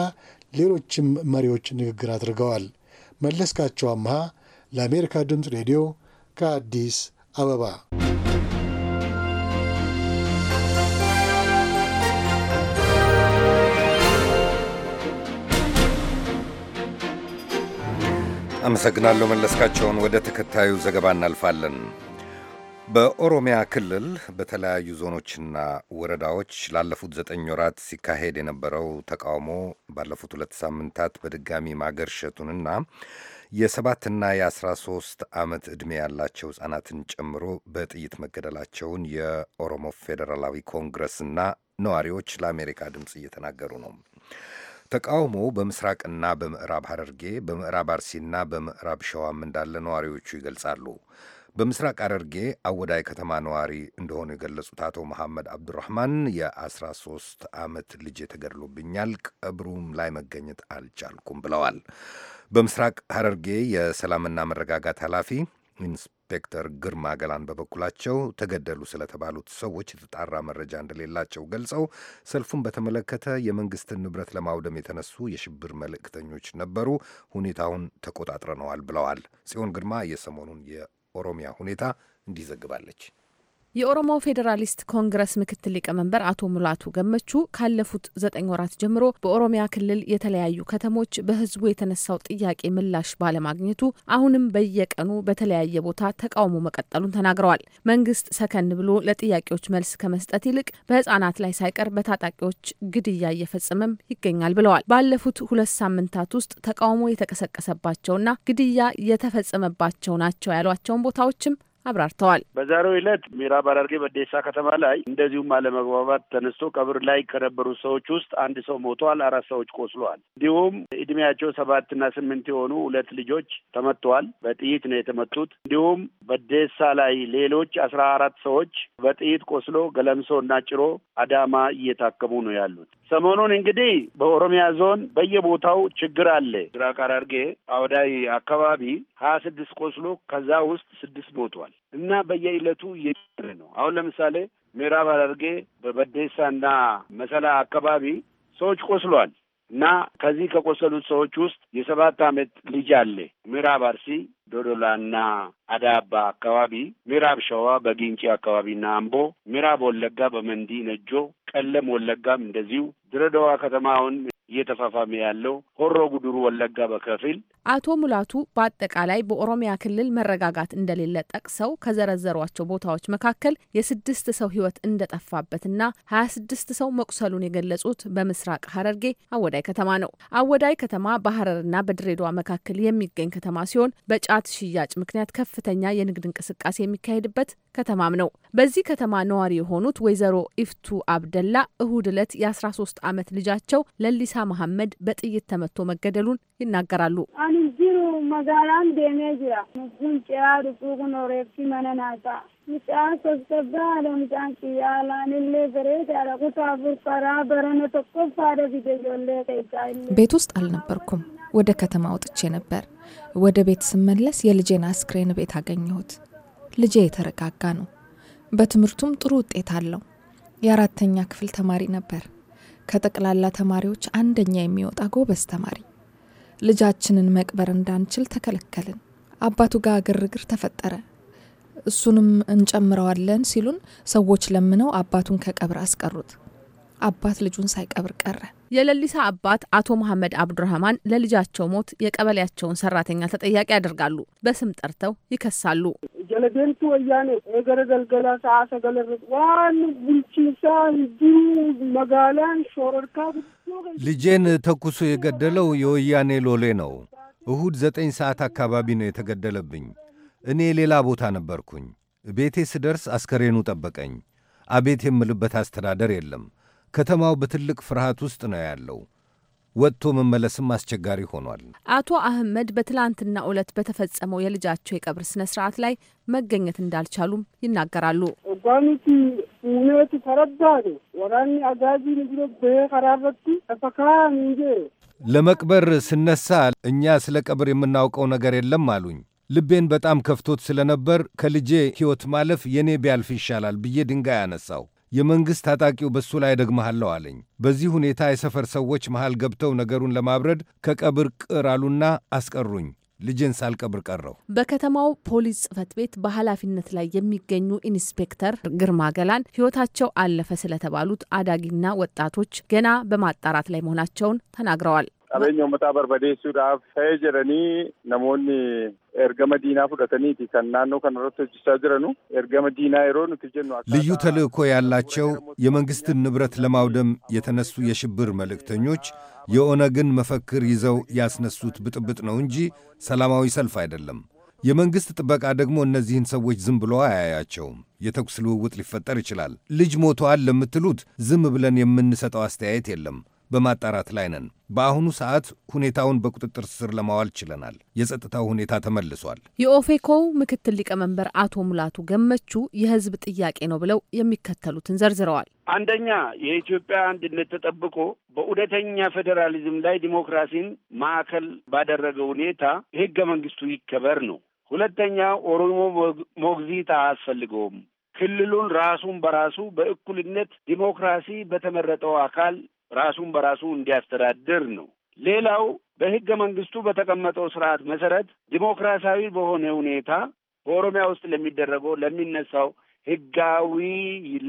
ሌሎችም መሪዎች ንግግር አድርገዋል። መለስካቸው አምሃ ለአሜሪካ ድምፅ ሬዲዮ ከአዲስ አበባ አመሰግናለሁ መለስካቸውን። ወደ ተከታዩ ዘገባ እናልፋለን። በኦሮሚያ ክልል በተለያዩ ዞኖችና ወረዳዎች ላለፉት ዘጠኝ ወራት ሲካሄድ የነበረው ተቃውሞ ባለፉት ሁለት ሳምንታት በድጋሚ ማገርሸቱንና የሰባትና የአስራ ሶስት ዓመት ዕድሜ ያላቸው ሕፃናትን ጨምሮ በጥይት መገደላቸውን የኦሮሞ ፌዴራላዊ ኮንግረስና ነዋሪዎች ለአሜሪካ ድምፅ እየተናገሩ ነው። ተቃውሞ በምስራቅና በምዕራብ ሐረርጌ፣ በምዕራብ አርሲና በምዕራብ ሸዋም እንዳለ ነዋሪዎቹ ይገልጻሉ። በምስራቅ ሐረርጌ አወዳይ ከተማ ነዋሪ እንደሆኑ የገለጹት አቶ መሐመድ አብዱራህማን የ13 ዓመት ልጅ ተገድሎብኛል፣ ቀብሩም ላይ መገኘት አልቻልኩም ብለዋል። በምስራቅ ሐረርጌ የሰላምና መረጋጋት ኃላፊ ኢንስፔክተር ግርማ ገላን በበኩላቸው ተገደሉ ስለተባሉት ሰዎች የተጣራ መረጃ እንደሌላቸው ገልጸው ሰልፉን በተመለከተ የመንግስትን ንብረት ለማውደም የተነሱ የሽብር መልእክተኞች ነበሩ፣ ሁኔታውን ተቆጣጥረነዋል ብለዋል። ጽዮን ግርማ የሰሞኑን የኦሮሚያ ሁኔታ እንዲህ ዘግባለች። የኦሮሞ ፌዴራሊስት ኮንግረስ ምክትል ሊቀመንበር አቶ ሙላቱ ገመቹ ካለፉት ዘጠኝ ወራት ጀምሮ በኦሮሚያ ክልል የተለያዩ ከተሞች በህዝቡ የተነሳው ጥያቄ ምላሽ ባለማግኘቱ አሁንም በየቀኑ በተለያየ ቦታ ተቃውሞ መቀጠሉን ተናግረዋል። መንግስት ሰከን ብሎ ለጥያቄዎች መልስ ከመስጠት ይልቅ በህጻናት ላይ ሳይቀር በታጣቂዎች ግድያ እየፈጸመም ይገኛል ብለዋል። ባለፉት ሁለት ሳምንታት ውስጥ ተቃውሞ የተቀሰቀሰባቸውና ግድያ የተፈጸመባቸው ናቸው ያሏቸውን ቦታዎችም አብራርተዋል። በዛሬው ዕለት ምዕራብ ሐረርጌ በዴሳ ከተማ ላይ እንደዚሁም አለመግባባት ተነስቶ ቀብር ላይ ከነበሩ ሰዎች ውስጥ አንድ ሰው ሞቷል፣ አራት ሰዎች ቆስለዋል። እንዲሁም እድሜያቸው ሰባትና ስምንት የሆኑ ሁለት ልጆች ተመተዋል። በጥይት ነው የተመቱት። እንዲሁም በዴሳ ላይ ሌሎች አስራ አራት ሰዎች በጥይት ቆስሎ ገለምሶ እና ጭሮ አዳማ እየታከሙ ነው ያሉት። ሰሞኑን እንግዲህ በኦሮሚያ ዞን በየቦታው ችግር አለ። ምስራቅ ሐረርጌ አወዳይ አካባቢ ሀያ ስድስት ቆስሎ ከዛ ውስጥ ስድስት ሞቷል። እና በየዕለቱ እየጨመረ ነው። አሁን ለምሳሌ ምዕራብ ሐረርጌ በበዴሳ እና መሰላ አካባቢ ሰዎች ቆስሏል እና ከዚህ ከቆሰሉት ሰዎች ውስጥ የሰባት ዓመት ልጅ አለ። ምዕራብ አርሲ ዶዶላና አዳባ አካባቢ፣ ምዕራብ ሸዋ በጊንጪ አካባቢና አምቦ፣ ምዕራብ ወለጋ በመንዲ ነጆ፣ ቀለም ወለጋም እንደዚሁ ድሬዳዋ ከተማ አሁን እየተፋፋመ ያለው ሆሮ ጉድሩ ወለጋ በከፊል። አቶ ሙላቱ በአጠቃላይ በኦሮሚያ ክልል መረጋጋት እንደሌለ ጠቅሰው ከዘረዘሯቸው ቦታዎች መካከል የስድስት ሰው ህይወት እንደጠፋበትና ሀያ ስድስት ሰው መቁሰሉን የገለጹት በምስራቅ ሀረርጌ አወዳይ ከተማ ነው። አወዳይ ከተማ በሀረርና በድሬዳዋ መካከል የሚገኝ ከተማ ሲሆን በጫ ጫት ሽያጭ ምክንያት ከፍተኛ የንግድ እንቅስቃሴ የሚካሄድበት ከተማም ነው። በዚህ ከተማ ነዋሪ የሆኑት ወይዘሮ ኢፍቱ አብደላ እሁድ ዕለት የ13 ዓመት ልጃቸው ለሊሳ መሐመድ በጥይት ተመቶ መገደሉን ይናገራሉ። መጋላን ደሜ ጅራ ጭራ ሰብሰባ ቅያላንሌ በረነ ተቆፋ ቤት ውስጥ አልነበርኩም። ወደ ከተማ ወጥቼ ነበር። ወደ ቤት ስመለስ የልጄን አስክሬን ቤት አገኘሁት። ልጄ የተረጋጋ ነው። በትምህርቱም ጥሩ ውጤት አለው። የአራተኛ ክፍል ተማሪ ነበር። ከጠቅላላ ተማሪዎች አንደኛ የሚወጣ ጎበዝ ተማሪ። ልጃችንን መቅበር እንዳንችል ተከለከልን። አባቱ ጋር ግርግር ተፈጠረ። እሱንም እንጨምረዋለን ሲሉን ሰዎች ለምነው አባቱን ከቀብር አስቀሩት። አባት ልጁን ሳይቀብር ቀረ። የለሊሳ አባት አቶ መሐመድ አብዱራህማን ለልጃቸው ሞት የቀበሌያቸውን ሰራተኛ ተጠያቂ ያደርጋሉ። በስም ጠርተው ይከሳሉ። ጀለቤንቱ ወያኔ የገረ ገልገላ ሰዓ ሰገለር ዋን ቡልቺሳ ህዱ መጋላን ሾረርካ ልጄን ተኩሶ የገደለው የወያኔ ሎሌ ነው። እሁድ ዘጠኝ ሰዓት አካባቢ ነው የተገደለብኝ። እኔ ሌላ ቦታ ነበርኩኝ። ቤቴ ስደርስ አስከሬኑ ጠበቀኝ። አቤት የምልበት አስተዳደር የለም። ከተማው በትልቅ ፍርሃት ውስጥ ነው ያለው። ወጥቶ መመለስም አስቸጋሪ ሆኗል። አቶ አህመድ በትላንትና ዕለት በተፈጸመው የልጃቸው የቀብር ስነ ስርዓት ላይ መገኘት እንዳልቻሉም ይናገራሉ። ጓሚቲ ሁኔቱ ተረዳ ወራኒ አጋዚ ንግሮ በየከራረቱ ተፈካ እንጂ ለመቅበር ስነሳ እኛ ስለ ቀብር የምናውቀው ነገር የለም አሉኝ። ልቤን በጣም ከፍቶት ስለነበር ከልጄ ሕይወት ማለፍ የኔ ቢያልፍ ይሻላል ብዬ ድንጋይ አነሳው። የመንግሥት ታጣቂው በሱ ላይ ደግመሃለሁ አለኝ። በዚህ ሁኔታ የሰፈር ሰዎች መሃል ገብተው ነገሩን ለማብረድ ከቀብር ቅር አሉና አስቀሩኝ። ልጅን ሳልቀብር ቀረው። በከተማው ፖሊስ ጽፈት ቤት በኃላፊነት ላይ የሚገኙ ኢንስፔክተር ግርማ ገላን ሕይወታቸው አለፈ ስለተባሉት አዳጊና ወጣቶች ገና በማጣራት ላይ መሆናቸውን ተናግረዋል። qabeenya uummataa barbadeessuudhaaf ta'ee jedhanii namoonni ergama diinaa fudhataniiti kan naannoo kana irratti hojjechaa jiranu ergama diinaa yeroo nuti jennu ልዩ ተልእኮ ያላቸው የመንግሥትን ንብረት ለማውደም የተነሱ የሽብር መልእክተኞች የኦነግን መፈክር ይዘው ያስነሱት ብጥብጥ ነው እንጂ ሰላማዊ ሰልፍ አይደለም። የመንግሥት ጥበቃ ደግሞ እነዚህን ሰዎች ዝም ብሎ አያያቸውም። የተኩስ ልውውጥ ሊፈጠር ይችላል። ልጅ ሞቷል ለምትሉት ዝም ብለን የምንሰጠው አስተያየት የለም። በማጣራት ላይ ነን። በአሁኑ ሰዓት ሁኔታውን በቁጥጥር ስር ለማዋል ችለናል። የጸጥታው ሁኔታ ተመልሷል። የኦፌኮው ምክትል ሊቀመንበር አቶ ሙላቱ ገመቹ የህዝብ ጥያቄ ነው ብለው የሚከተሉትን ዘርዝረዋል። አንደኛ የኢትዮጵያ አንድነት ተጠብቆ በእውነተኛ ፌዴራሊዝም ላይ ዲሞክራሲን ማዕከል ባደረገ ሁኔታ ህገ መንግስቱ ይከበር ነው። ሁለተኛ ኦሮሞ ሞግዚት አያስፈልገውም። ክልሉን ራሱን በራሱ በእኩልነት ዲሞክራሲ በተመረጠው አካል ራሱን በራሱ እንዲያስተዳድር ነው። ሌላው በህገ መንግስቱ በተቀመጠው ስርዓት መሰረት ዲሞክራሲያዊ በሆነ ሁኔታ በኦሮሚያ ውስጥ ለሚደረገው ለሚነሳው ህጋዊ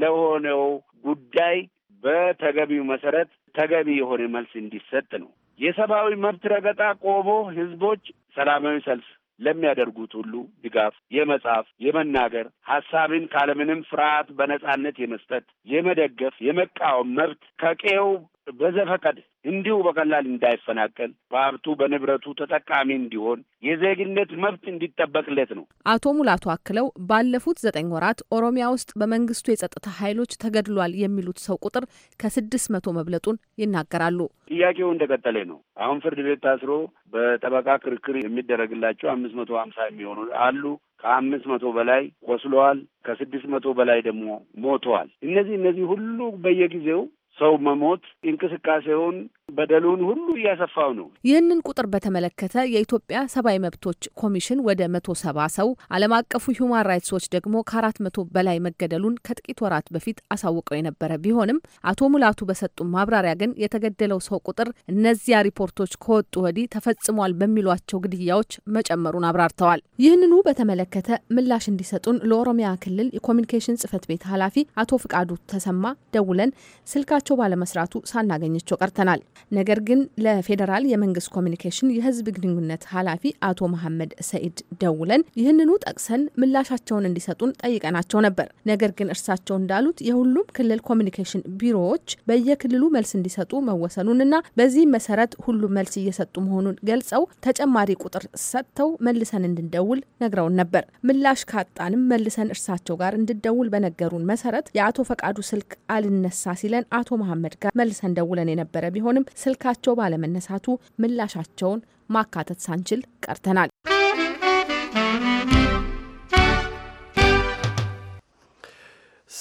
ለሆነው ጉዳይ በተገቢው መሰረት ተገቢ የሆነ መልስ እንዲሰጥ ነው። የሰብአዊ መብት ረገጣ ቆቦ ህዝቦች ሰላማዊ ሰልፍ ለሚያደርጉት ሁሉ ድጋፍ የመጻፍ የመናገር ሀሳብን ካለምንም ፍርሃት በነጻነት የመስጠት የመደገፍ የመቃወም መብት ከቄው በዘፈቀድ እንዲሁ በቀላል እንዳይፈናቀል በሀብቱ በንብረቱ ተጠቃሚ እንዲሆን የዜግነት መብት እንዲጠበቅለት ነው። አቶ ሙላቱ አክለው ባለፉት ዘጠኝ ወራት ኦሮሚያ ውስጥ በመንግስቱ የጸጥታ ኃይሎች ተገድሏል የሚሉት ሰው ቁጥር ከስድስት መቶ መብለጡን ይናገራሉ። ጥያቄው እንደቀጠለ ነው። አሁን ፍርድ ቤት ታስሮ በጠበቃ ክርክር የሚደረግላቸው አምስት መቶ ሀምሳ የሚሆኑ አሉ። ከአምስት መቶ በላይ ቆስለዋል። ከስድስት መቶ በላይ ደግሞ ሞተዋል። እነዚህ እነዚህ ሁሉ በየጊዜው ሰው መሞት እንቅስቃሴውን በደሉን ሁሉ እያሰፋው ነው። ይህንን ቁጥር በተመለከተ የኢትዮጵያ ሰብአዊ መብቶች ኮሚሽን ወደ መቶ ሰባ ሰው ዓለም አቀፉ ሁማን ራይትስ ዎች ደግሞ ከአራት መቶ በላይ መገደሉን ከጥቂት ወራት በፊት አሳውቀው የነበረ ቢሆንም አቶ ሙላቱ በሰጡ ማብራሪያ ግን የተገደለው ሰው ቁጥር እነዚያ ሪፖርቶች ከወጡ ወዲህ ተፈጽሟል በሚሏቸው ግድያዎች መጨመሩን አብራርተዋል። ይህንኑ በተመለከተ ምላሽ እንዲሰጡን ለኦሮሚያ ክልል የኮሚኒኬሽን ጽህፈት ቤት ኃላፊ አቶ ፍቃዱ ተሰማ ደውለን ስልካቸው ባለመስራቱ ሳናገኘቸው ቀርተናል። ነገር ግን ለፌዴራል የመንግስት ኮሚኒኬሽን የህዝብ ግንኙነት ኃላፊ አቶ መሐመድ ሰኢድ ደውለን ይህንኑ ጠቅሰን ምላሻቸውን እንዲሰጡን ጠይቀናቸው ነበር። ነገር ግን እርሳቸው እንዳሉት የሁሉም ክልል ኮሚኒኬሽን ቢሮዎች በየክልሉ መልስ እንዲሰጡ መወሰኑንና በዚህም መሰረት ሁሉም መልስ እየሰጡ መሆኑን ገልጸው ተጨማሪ ቁጥር ሰጥተው መልሰን እንድንደውል ነግረውን ነበር። ምላሽ ካጣንም መልሰን እርሳቸው ጋር እንድደውል በነገሩን መሰረት የአቶ ፈቃዱ ስልክ አልነሳ ሲለን አቶ መሐመድ ጋር መልሰን ደውለን የነበረ ቢሆንም ስልካቸው ባለመነሳቱ ምላሻቸውን ማካተት ሳንችል ቀርተናል።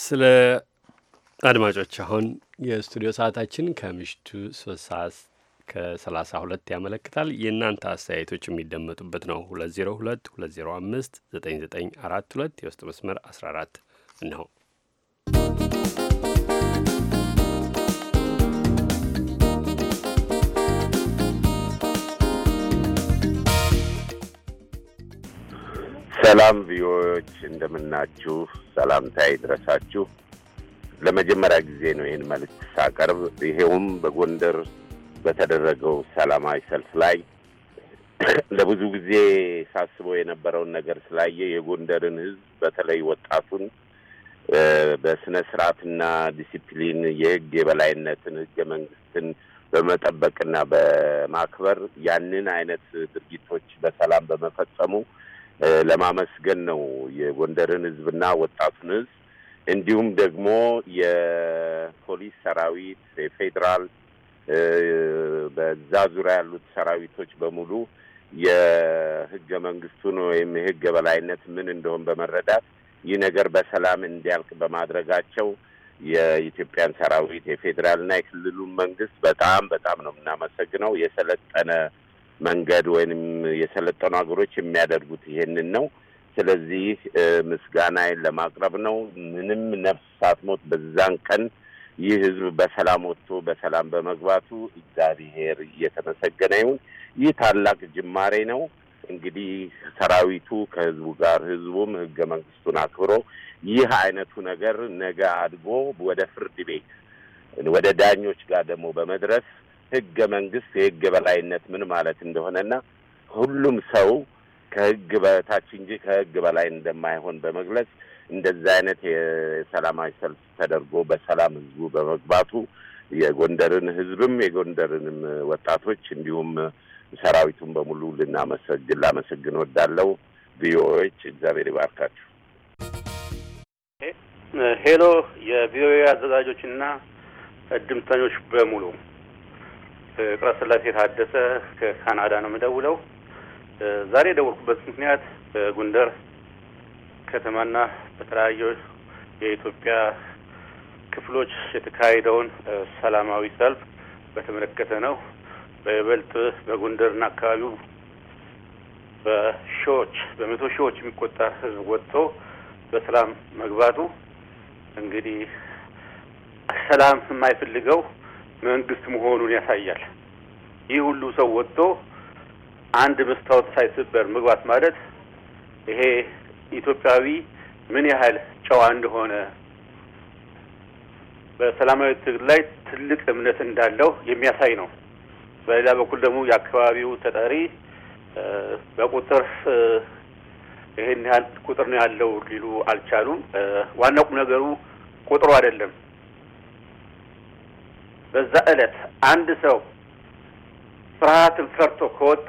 ስለ አድማጮች አሁን የስቱዲዮ ሰዓታችን ከምሽቱ ሶስት ሰዓት ከሰላሳ ሁለት ያመለክታል። የእናንተ አስተያየቶች የሚደመጡበት ነው። ሁለት ዜሮ ሁለት ሁለት ዜሮ አምስት ዘጠኝ ዘጠኝ አራት ሁለት የውስጥ መስመር አስራ አራት ነው። ሰላም ቪዮዎች እንደምናችሁ፣ ሰላምታ ይድረሳችሁ። ለመጀመሪያ ጊዜ ነው ይህን መልእክት ሳቀርብ። ይሄውም በጎንደር በተደረገው ሰላማዊ ሰልፍ ላይ ለብዙ ጊዜ ሳስበው የነበረውን ነገር ስላየ የጎንደርን ሕዝብ በተለይ ወጣቱን በስነ ስርዓትና ዲሲፕሊን የህግ የበላይነትን ህገ መንግስትን በመጠበቅና በማክበር ያንን አይነት ድርጊቶች በሰላም በመፈጸሙ ለማመስገን ነው የጎንደርን ህዝብና ወጣቱን ህዝብ እንዲሁም ደግሞ የፖሊስ ሰራዊት የፌዴራል በዛ ዙሪያ ያሉት ሰራዊቶች በሙሉ የህገ መንግስቱን ወይም የህገ በላይነት ምን እንደሆን በመረዳት ይህ ነገር በሰላም እንዲያልቅ በማድረጋቸው የኢትዮጵያን ሰራዊት የፌዴራልና የክልሉን መንግስት በጣም በጣም ነው የምናመሰግነው። የሰለጠነ መንገድ ወይንም የሰለጠኑ ሀገሮች የሚያደርጉት ይሄንን ነው። ስለዚህ ምስጋናዬን ለማቅረብ ነው። ምንም ነፍስ ሳትሞት በዛን ቀን ይህ ህዝብ በሰላም ወጥቶ በሰላም በመግባቱ እግዚአብሔር እየተመሰገነ ይሁን። ይህ ታላቅ ጅማሬ ነው። እንግዲህ ሰራዊቱ ከህዝቡ ጋር፣ ህዝቡም ህገ መንግስቱን አክብሮ ይህ አይነቱ ነገር ነገ አድጎ ወደ ፍርድ ቤት ወደ ዳኞች ጋር ደግሞ በመድረስ ህገ መንግስት የህግ በላይነት ምን ማለት እንደሆነና ሁሉም ሰው ከህግ በታች እንጂ ከህግ በላይ እንደማይሆን በመግለጽ እንደዛ አይነት የሰላማዊ ሰልፍ ተደርጎ በሰላም ህዝቡ በመግባቱ የጎንደርን ህዝብም የጎንደርንም ወጣቶች እንዲሁም ሰራዊቱን በሙሉ ልናመሰግን ላመሰግን ወዳለው ቪኦኤዎች እግዚአብሔር ይባርካችሁ። ሄሎ የቪኦኤ አዘጋጆችና እድምተኞች በሙሉ ፍቅረ ስላሴ ታደሰ ከካናዳ ነው የምደውለው። ዛሬ የደወልኩበት ምክንያት በጎንደር ከተማና በተለያዩ የኢትዮጵያ ክፍሎች የተካሄደውን ሰላማዊ ሰልፍ በተመለከተ ነው። በይበልጥ በጎንደርና አካባቢው በሺዎች በመቶ ሺዎች የሚቆጠር ሕዝብ ወጥቶ በሰላም መግባቱ እንግዲህ ሰላም የማይፈልገው መንግስት መሆኑን ያሳያል። ይህ ሁሉ ሰው ወጥቶ አንድ መስታወት ሳይሰበር መግባት ማለት ይሄ ኢትዮጵያዊ ምን ያህል ጨዋ እንደሆነ በሰላማዊ ትግል ላይ ትልቅ እምነት እንዳለው የሚያሳይ ነው። በሌላ በኩል ደግሞ የአካባቢው ተጠሪ በቁጥር ይሄን ያህል ቁጥር ነው ያለው ሊሉ አልቻሉም። ዋናው ቁም ነገሩ ቁጥሩ አይደለም። በዛ ዕለት አንድ ሰው ፍርሃትን ፈርቶ ከወጣ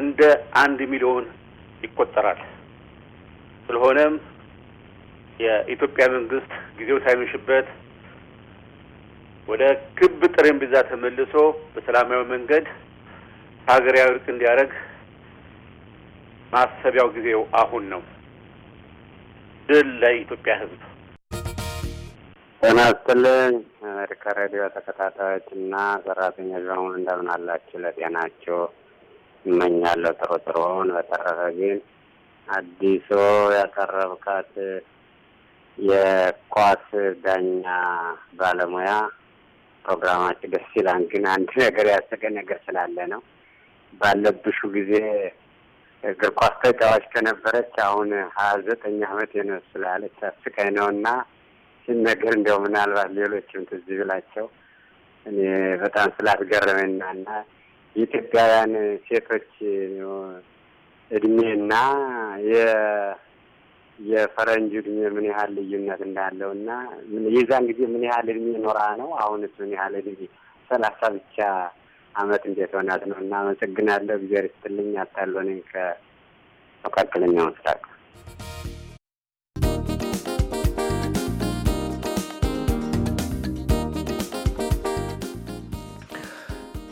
እንደ አንድ ሚሊዮን ይቆጠራል። ስለሆነም የኢትዮጵያ መንግስት ጊዜው ሳይመሽበት ወደ ክብ ጠረጴዛ ተመልሶ በሰላማዊ መንገድ ሀገራዊ እርቅ እንዲያደርግ ማሰቢያው ጊዜው አሁን ነው። ድል ለኢትዮጵያ ሕዝብ! ጤና ይስጥልኝ አሜሪካ ሬዲዮ ተከታታዮች እና ሰራተኞች በሙሉ እንደምን አላችሁ? ለጤናችሁ እመኛለሁ ጥሩ ጥሩውን። በተረፈ ግን አዲሶ ያቀረብካት የኳስ ዳኛ ባለሙያ ፕሮግራማችን ደስ ይላል። ግን አንድ ነገር ያሰገ ነገር ስላለ ነው። ባለብሹ ጊዜ እግር ኳስ ተጫዋች ከነበረች አሁን ሀያ ዘጠኝ አመት ነው ስላለች አስቀኝ ነው እና ሲነገር እንዲያው ምናልባት ሌሎችም ትዝ ብላቸው እኔ በጣም ስላትገረመና እና የኢትዮጵያውያን ሴቶች እድሜና የ የፈረንጅ እድሜ ምን ያህል ልዩነት እንዳለው እና የዛን ጊዜ ምን ያህል እድሜ ኖራ ነው አሁንስ ምን ያህል እድሜ ሰላሳ ብቻ አመት እንዴት ሆናት ነው እና አመሰግናለሁ። እግዚአብሔር ይስጥልኝ። አታለሆነኝ ከመካከለኛው ምስራቅ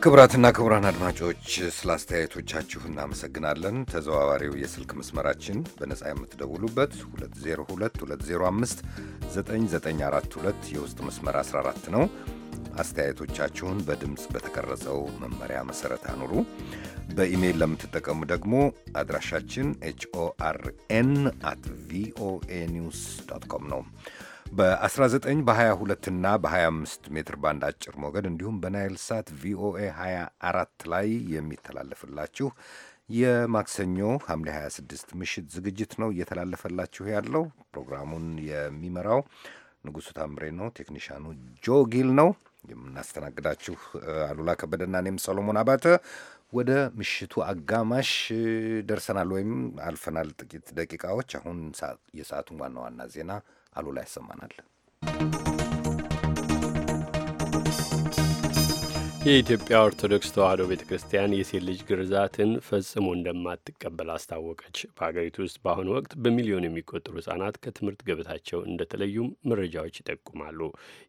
ክቡራትና ክቡራን አድማጮች ስለ አስተያየቶቻችሁ እናመሰግናለን። ተዘዋዋሪው የስልክ መስመራችን በነጻ የምትደውሉበት 2022059942 የውስጥ መስመር 14 ነው። አስተያየቶቻችሁን በድምፅ በተቀረጸው መመሪያ መሰረት አኑሩ። በኢሜይል ለምትጠቀሙ ደግሞ አድራሻችን ኤችኦአርኤን አት ቪኦኤ ኒውስ ዶት ኮም ነው። በ19 በ22 እና በ25 ሜትር ባንድ አጭር ሞገድ እንዲሁም በናይል ሳት ቪኦኤ 24 ላይ የሚተላለፍላችሁ የማክሰኞ ሐምሌ 26 ምሽት ዝግጅት ነው እየተላለፈላችሁ ያለው። ፕሮግራሙን የሚመራው ንጉሱ ታምሬ ነው። ቴክኒሻኑ ጆ ጊል ነው። የምናስተናግዳችሁ አሉላ ከበደና እኔም ሰሎሞን አባተ። ወደ ምሽቱ አጋማሽ ደርሰናል ወይም አልፈናል ጥቂት ደቂቃዎች። አሁን የሰዓቱን ዋና ዋና ዜና አሉላ ያሰማናል። የኢትዮጵያ ኦርቶዶክስ ተዋሕዶ ቤተ ክርስቲያን የሴት ልጅ ግርዛትን ፈጽሞ እንደማትቀበል አስታወቀች። በሀገሪቱ ውስጥ በአሁኑ ወቅት በሚሊዮን የሚቆጠሩ ህጻናት ከትምህርት ገበታቸው እንደተለዩም መረጃዎች ይጠቁማሉ።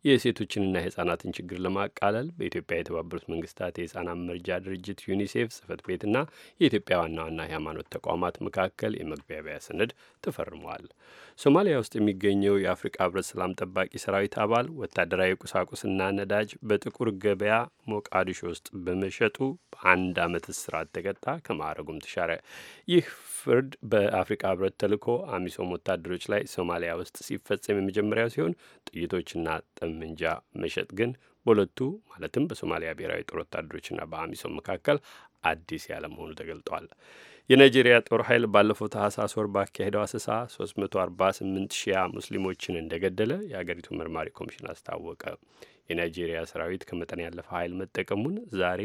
የሴቶችንና የህጻናትን ችግር ለማቃለል በኢትዮጵያ የተባበሩት መንግስታት የህጻናት መርጃ ድርጅት ዩኒሴፍ ቤት ቤትና የኢትዮጵያ ዋና ዋና የሃይማኖት ተቋማት መካከል የመግባቢያ ሰነድ ተፈርሟል። ሶማሊያ ውስጥ የሚገኘው የአፍሪካ ህብረት ሰላም ጠባቂ ሰራዊት አባል ወታደራዊ ቁሳቁስና ነዳጅ በጥቁር ገበያ ሞቃዲሾ ውስጥ በመሸጡ በአንድ ዓመት እስራት ተቀጣ፣ ከማዕረጉም ተሻረ። ይህ ፍርድ በአፍሪካ ህብረት ተልዕኮ አሚሶም ወታደሮች ላይ ሶማሊያ ውስጥ ሲፈጸም የመጀመሪያው ሲሆን ጥይቶችና ጠመንጃ መሸጥ ግን በሁለቱ ማለትም በሶማሊያ ብሔራዊ ጦር ወታደሮችና በአሚሶም መካከል አዲስ ያለመሆኑ ተገልጧል። የናይጄሪያ ጦር ኃይል ባለፈው ታህሳስ ወር ባካሄደው አሰሳ 348 ሺያ ሙስሊሞችን እንደገደለ የአገሪቱ መርማሪ ኮሚሽን አስታወቀ። የናይጄሪያ ሰራዊት ከመጠን ያለፈ ኃይል መጠቀሙን ዛሬ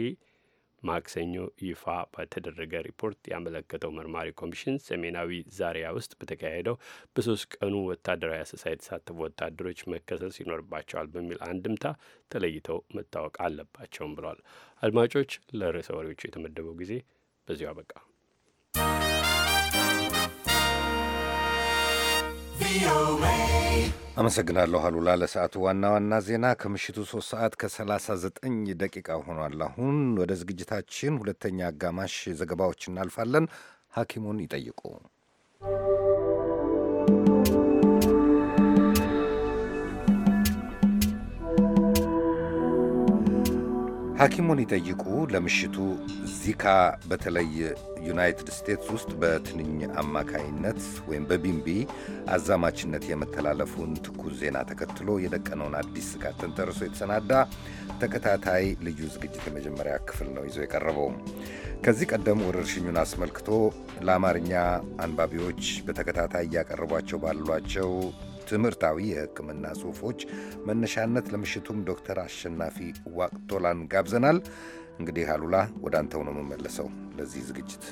ማክሰኞ ይፋ በተደረገ ሪፖርት ያመለከተው መርማሪ ኮሚሽን ሰሜናዊ ዛሪያ ውስጥ በተካሄደው በሶስት ቀኑ ወታደራዊ አሰሳ የተሳተፉ ወታደሮች መከሰስ ይኖርባቸዋል በሚል አንድምታ ተለይተው መታወቅ አለባቸውም ብሏል። አድማጮች፣ ለርዕሰ ወሬዎቹ የተመደበው ጊዜ በዚሁ አበቃ። ቪኦኤ አመሰግናለሁ አሉላ። ለሰዓቱ ዋና ዋና ዜና ከምሽቱ 3 ሰዓት ከ39 ደቂቃ ሆኗል። አሁን ወደ ዝግጅታችን ሁለተኛ አጋማሽ ዘገባዎች እናልፋለን። ሐኪሙን ይጠይቁ ሐኪሙን ይጠይቁ ለምሽቱ ዚካ በተለይ ዩናይትድ ስቴትስ ውስጥ በትንኝ አማካይነት ወይም በቢምቢ አዛማችነት የመተላለፉን ትኩስ ዜና ተከትሎ የደቀነውን አዲስ ስጋት ተንተርሶ የተሰናዳ ተከታታይ ልዩ ዝግጅት የመጀመሪያ ክፍል ነው ይዞ የቀረበው። ከዚህ ቀደም ወረርሽኙን አስመልክቶ ለአማርኛ አንባቢዎች በተከታታይ እያቀረቧቸው ባሏቸው ትምህርታዊ የሕክምና ጽሑፎች መነሻነት ለምሽቱም ዶክተር አሸናፊ ዋቅቶላን ጋብዘናል። እንግዲህ አሉላ ወደ አንተው ነው የምመለሰው ለዚህ ዝግጅት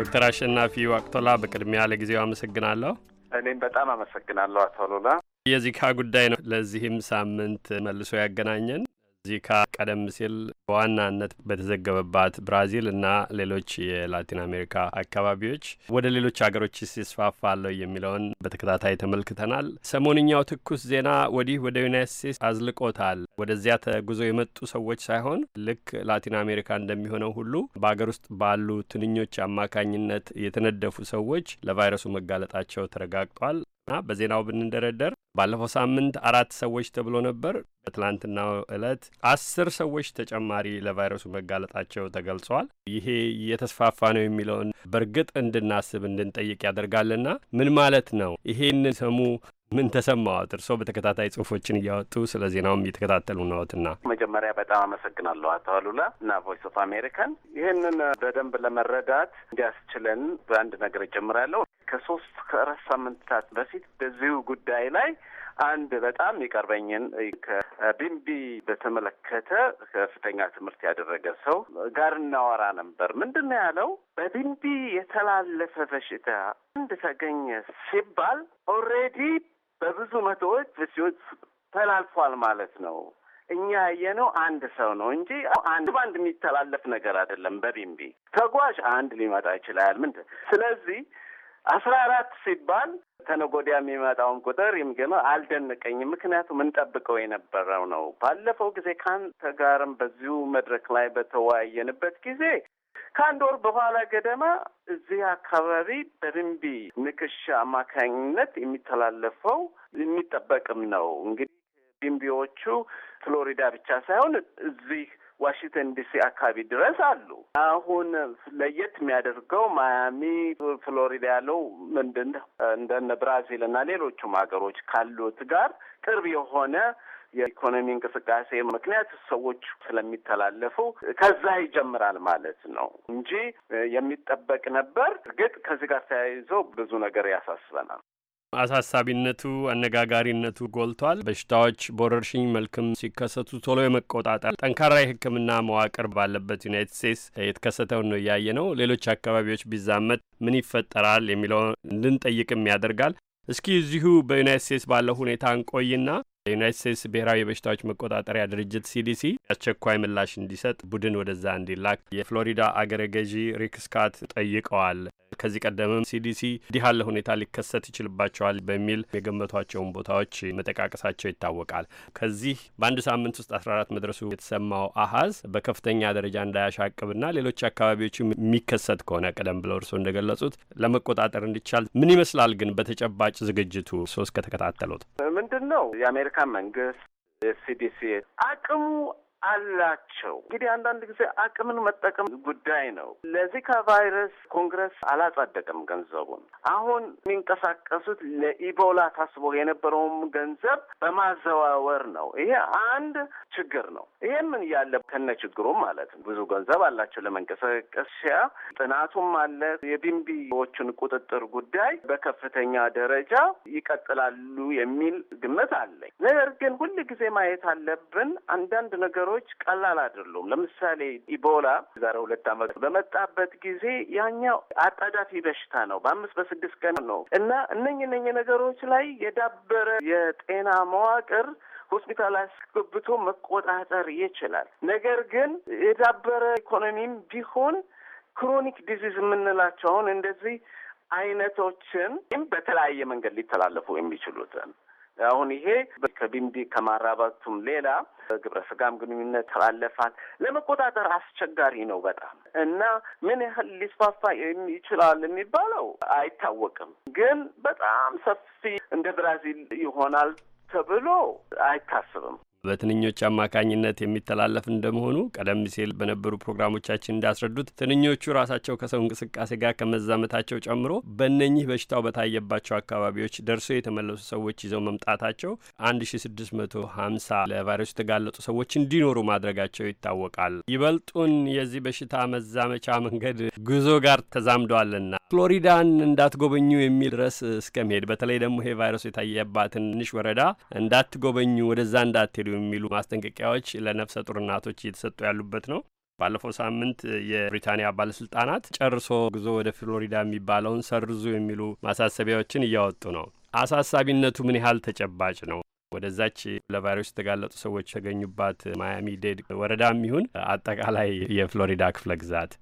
ዶክተር አሸናፊ ዋቅቶላ በቅድሚያ ለጊዜው አመሰግናለሁ። እኔም በጣም አመሰግናለሁ አቶ አሉላ። የዚካ ጉዳይ ነው ለዚህም ሳምንት መልሶ ያገናኘን። ዚካ ቀደም ሲል በዋናነት በተዘገበባት ብራዚል እና ሌሎች የላቲን አሜሪካ አካባቢዎች ወደ ሌሎች ሀገሮች ይስፋፋለው የሚለውን በተከታታይ ተመልክተናል። ሰሞንኛው ትኩስ ዜና ወዲህ ወደ ዩናይት ስቴትስ አዝልቆታል። ወደዚያ ተጉዞ የመጡ ሰዎች ሳይሆን ልክ ላቲን አሜሪካ እንደሚሆነው ሁሉ በሀገር ውስጥ ባሉ ትንኞች አማካኝነት የተነደፉ ሰዎች ለቫይረሱ መጋለጣቸው ተረጋግጧል። እና በዜናው ብንደረደር ባለፈው ሳምንት አራት ሰዎች ተብሎ ነበር። በትላንትናው ዕለት አስር ሰዎች ተጨማሪ ተጨማሪ ለቫይረሱ መጋለጣቸው ተገልጿል። ይሄ እየተስፋፋ ነው የሚለውን በእርግጥ እንድናስብ እንድንጠይቅ ያደርጋልና ምን ማለት ነው? ይሄን ሰሙ ምን ተሰማዎት? እርስዎ በተከታታይ ጽሁፎችን እያወጡ ስለ ዜናውም እየተከታተሉ ነዎትና፣ መጀመሪያ በጣም አመሰግናለሁ አቶ አሉላ እና ቮይስ ኦፍ አሜሪካን ይህንን በደንብ ለመረዳት እንዲያስችለን በአንድ ነገር እጀምራለሁ። ከሶስት ከአራት ሳምንታት በፊት በዚሁ ጉዳይ ላይ አንድ በጣም የቀረበኝን ከቢምቢ በተመለከተ ከፍተኛ ትምህርት ያደረገ ሰው ጋር እናወራ ነበር። ምንድን ነው ያለው? በቢምቢ የተላለፈ በሽታ አንድ ተገኘ ሲባል ኦልሬዲ በብዙ መቶዎች ብሲዎች ተላልፏል ማለት ነው። እኛ ያየነው አንድ ሰው ነው እንጂ አንድ በአንድ የሚተላለፍ ነገር አይደለም። በቢምቢ ተጓዥ አንድ ሊመጣ ይችላል። ምንድን ስለዚህ አስራ አራት ሲባል ተነጎዲያ የሚመጣውን ቁጥር የሚገመው አልደነቀኝም። ምክንያቱም እንጠብቀው የነበረው ነው። ባለፈው ጊዜ ከአንተ ጋርም በዚሁ መድረክ ላይ በተወያየንበት ጊዜ ከአንድ ወር በኋላ ገደማ እዚህ አካባቢ በድንቢ ንክሽ አማካኝነት የሚተላለፈው የሚጠበቅም ነው። እንግዲህ ድንቢዎቹ ፍሎሪዳ ብቻ ሳይሆን እዚህ ዋሽንግተን ዲሲ አካባቢ ድረስ አሉ። አሁን ለየት የሚያደርገው ማያሚ፣ ፍሎሪዳ ያለው ምንድን እንደነ ብራዚል እና ሌሎቹም ሀገሮች ካሉት ጋር ቅርብ የሆነ የኢኮኖሚ እንቅስቃሴ ምክንያት ሰዎች ስለሚተላለፉ ከዛ ይጀምራል ማለት ነው እንጂ የሚጠበቅ ነበር። እርግጥ ከዚህ ጋር ተያይዞ ብዙ ነገር ያሳስበናል። አሳሳቢነቱ አነጋጋሪነቱ ጎልቷል። በሽታዎች በወረርሽኝ መልክም ሲከሰቱ ቶሎ የመቆጣጠር ጠንካራ የሕክምና መዋቅር ባለበት ዩናይትድ ስቴትስ የተከሰተውን ነው እያየ ነው። ሌሎች አካባቢዎች ቢዛመት ምን ይፈጠራል የሚለውን እንድንጠይቅም ያደርጋል። እስኪ እዚሁ በዩናይት ስቴትስ ባለው ሁኔታ እንቆይና የዩናይት ስቴትስ ብሔራዊ የበሽታዎች መቆጣጠሪያ ድርጅት ሲዲሲ አስቸኳይ ምላሽ እንዲሰጥ ቡድን ወደዛ እንዲላክ የፍሎሪዳ አገረ ገዢ ሪክ ስካት ጠይቀዋል። ከዚህ ቀደምም ሲዲሲ እንዲህ ያለ ሁኔታ ሊከሰት ይችልባቸዋል በሚል የገመቷቸውን ቦታዎች መጠቃቀሳቸው ይታወቃል። ከዚህ በአንድ ሳምንት ውስጥ 14 መድረሱ የተሰማው አሀዝ በከፍተኛ ደረጃ እንዳያሻቅብና ሌሎች አካባቢዎች የሚከሰት ከሆነ ቀደም ብለው እርስዎ እንደገለጹት ለመቆጣጠር እንዲቻል ምን ይመስላል ግን በተጨባጭ ዝግጅቱ ሶስት ከተከታተሉት ምንድን ነው የአሜሪካ መንግስት፣ ሲዲሲ አቅሙ አላቸው። እንግዲህ አንዳንድ ጊዜ አቅምን መጠቀም ጉዳይ ነው። ለዚካ ቫይረስ ኮንግረስ አላጻደቅም ገንዘቡን። አሁን የሚንቀሳቀሱት ለኢቦላ ታስቦ የነበረውም ገንዘብ በማዘዋወር ነው። ይሄ አንድ ችግር ነው። ምን ያለ ከነ ችግሩ ማለት ነው። ብዙ ገንዘብ አላቸው ለመንቀሳቀሻ። ጥናቱም አለ። የቢንቢዎቹን ቁጥጥር ጉዳይ በከፍተኛ ደረጃ ይቀጥላሉ የሚል ግምት አለኝ። ነገር ግን ሁል ጊዜ ማየት አለብን አንዳንድ ነገር ነገሮች ቀላል አይደሉም። ለምሳሌ ኢቦላ ዛሬ ሁለት አመት በመጣበት ጊዜ ያኛው አጣዳፊ በሽታ ነው። በአምስት በስድስት ቀን ነው እና እነኝ እነኝ ነገሮች ላይ የዳበረ የጤና መዋቅር ሆስፒታል አስገብቶ መቆጣጠር ይችላል። ነገር ግን የዳበረ ኢኮኖሚም ቢሆን ክሮኒክ ዲዚዝ የምንላቸውን እንደዚህ አይነቶችን በተለያየ መንገድ ሊተላለፉ የሚችሉትን አሁን ይሄ ከቢምቢ ከማራባቱም ሌላ ግብረ ስጋም ግንኙነት ተላለፋል ለመቆጣጠር አስቸጋሪ ነው በጣም እና ምን ያህል ሊስፋፋ ይችላል የሚባለው አይታወቅም። ግን በጣም ሰፊ እንደ ብራዚል ይሆናል ተብሎ አይታስብም። በትንኞች አማካኝነት የሚተላለፍ እንደመሆኑ ቀደም ሲል በነበሩ ፕሮግራሞቻችን እንዳስረዱት ትንኞቹ ራሳቸው ከሰው እንቅስቃሴ ጋር ከመዛመታቸው ጨምሮ በእነኚህ በሽታው በታየባቸው አካባቢዎች ደርሶ የተመለሱ ሰዎች ይዘው መምጣታቸው 1650 ለቫይረሱ የተጋለጡ ሰዎች እንዲኖሩ ማድረጋቸው ይታወቃል። ይበልጡን የዚህ በሽታ መዛመቻ መንገድ ጉዞ ጋር ተዛምዷልና ፍሎሪዳን እንዳትጎበኙ የሚል ድረስ እስከመሄድ በተለይ ደግሞ ይሄ ቫይረሱ የታየባትን ትንሽ ወረዳ እንዳትጎበኙ ወደዛ እንዳትሄዱ ውሰዱ የሚሉ ማስጠንቀቂያዎች ለነፍሰ ጡር እናቶች እየተሰጡ ያሉበት ነው። ባለፈው ሳምንት የብሪታንያ ባለስልጣናት ጨርሶ ጉዞ ወደ ፍሎሪዳ የሚባለውን ሰርዙ የሚሉ ማሳሰቢያዎችን እያወጡ ነው። አሳሳቢነቱ ምን ያህል ተጨባጭ ነው? ወደዛች ለቫይረሱ የተጋለጡ ሰዎች የተገኙባት ማያሚ ዴድ ወረዳም ይሁን አጠቃላይ የፍሎሪዳ ክፍለ ግዛት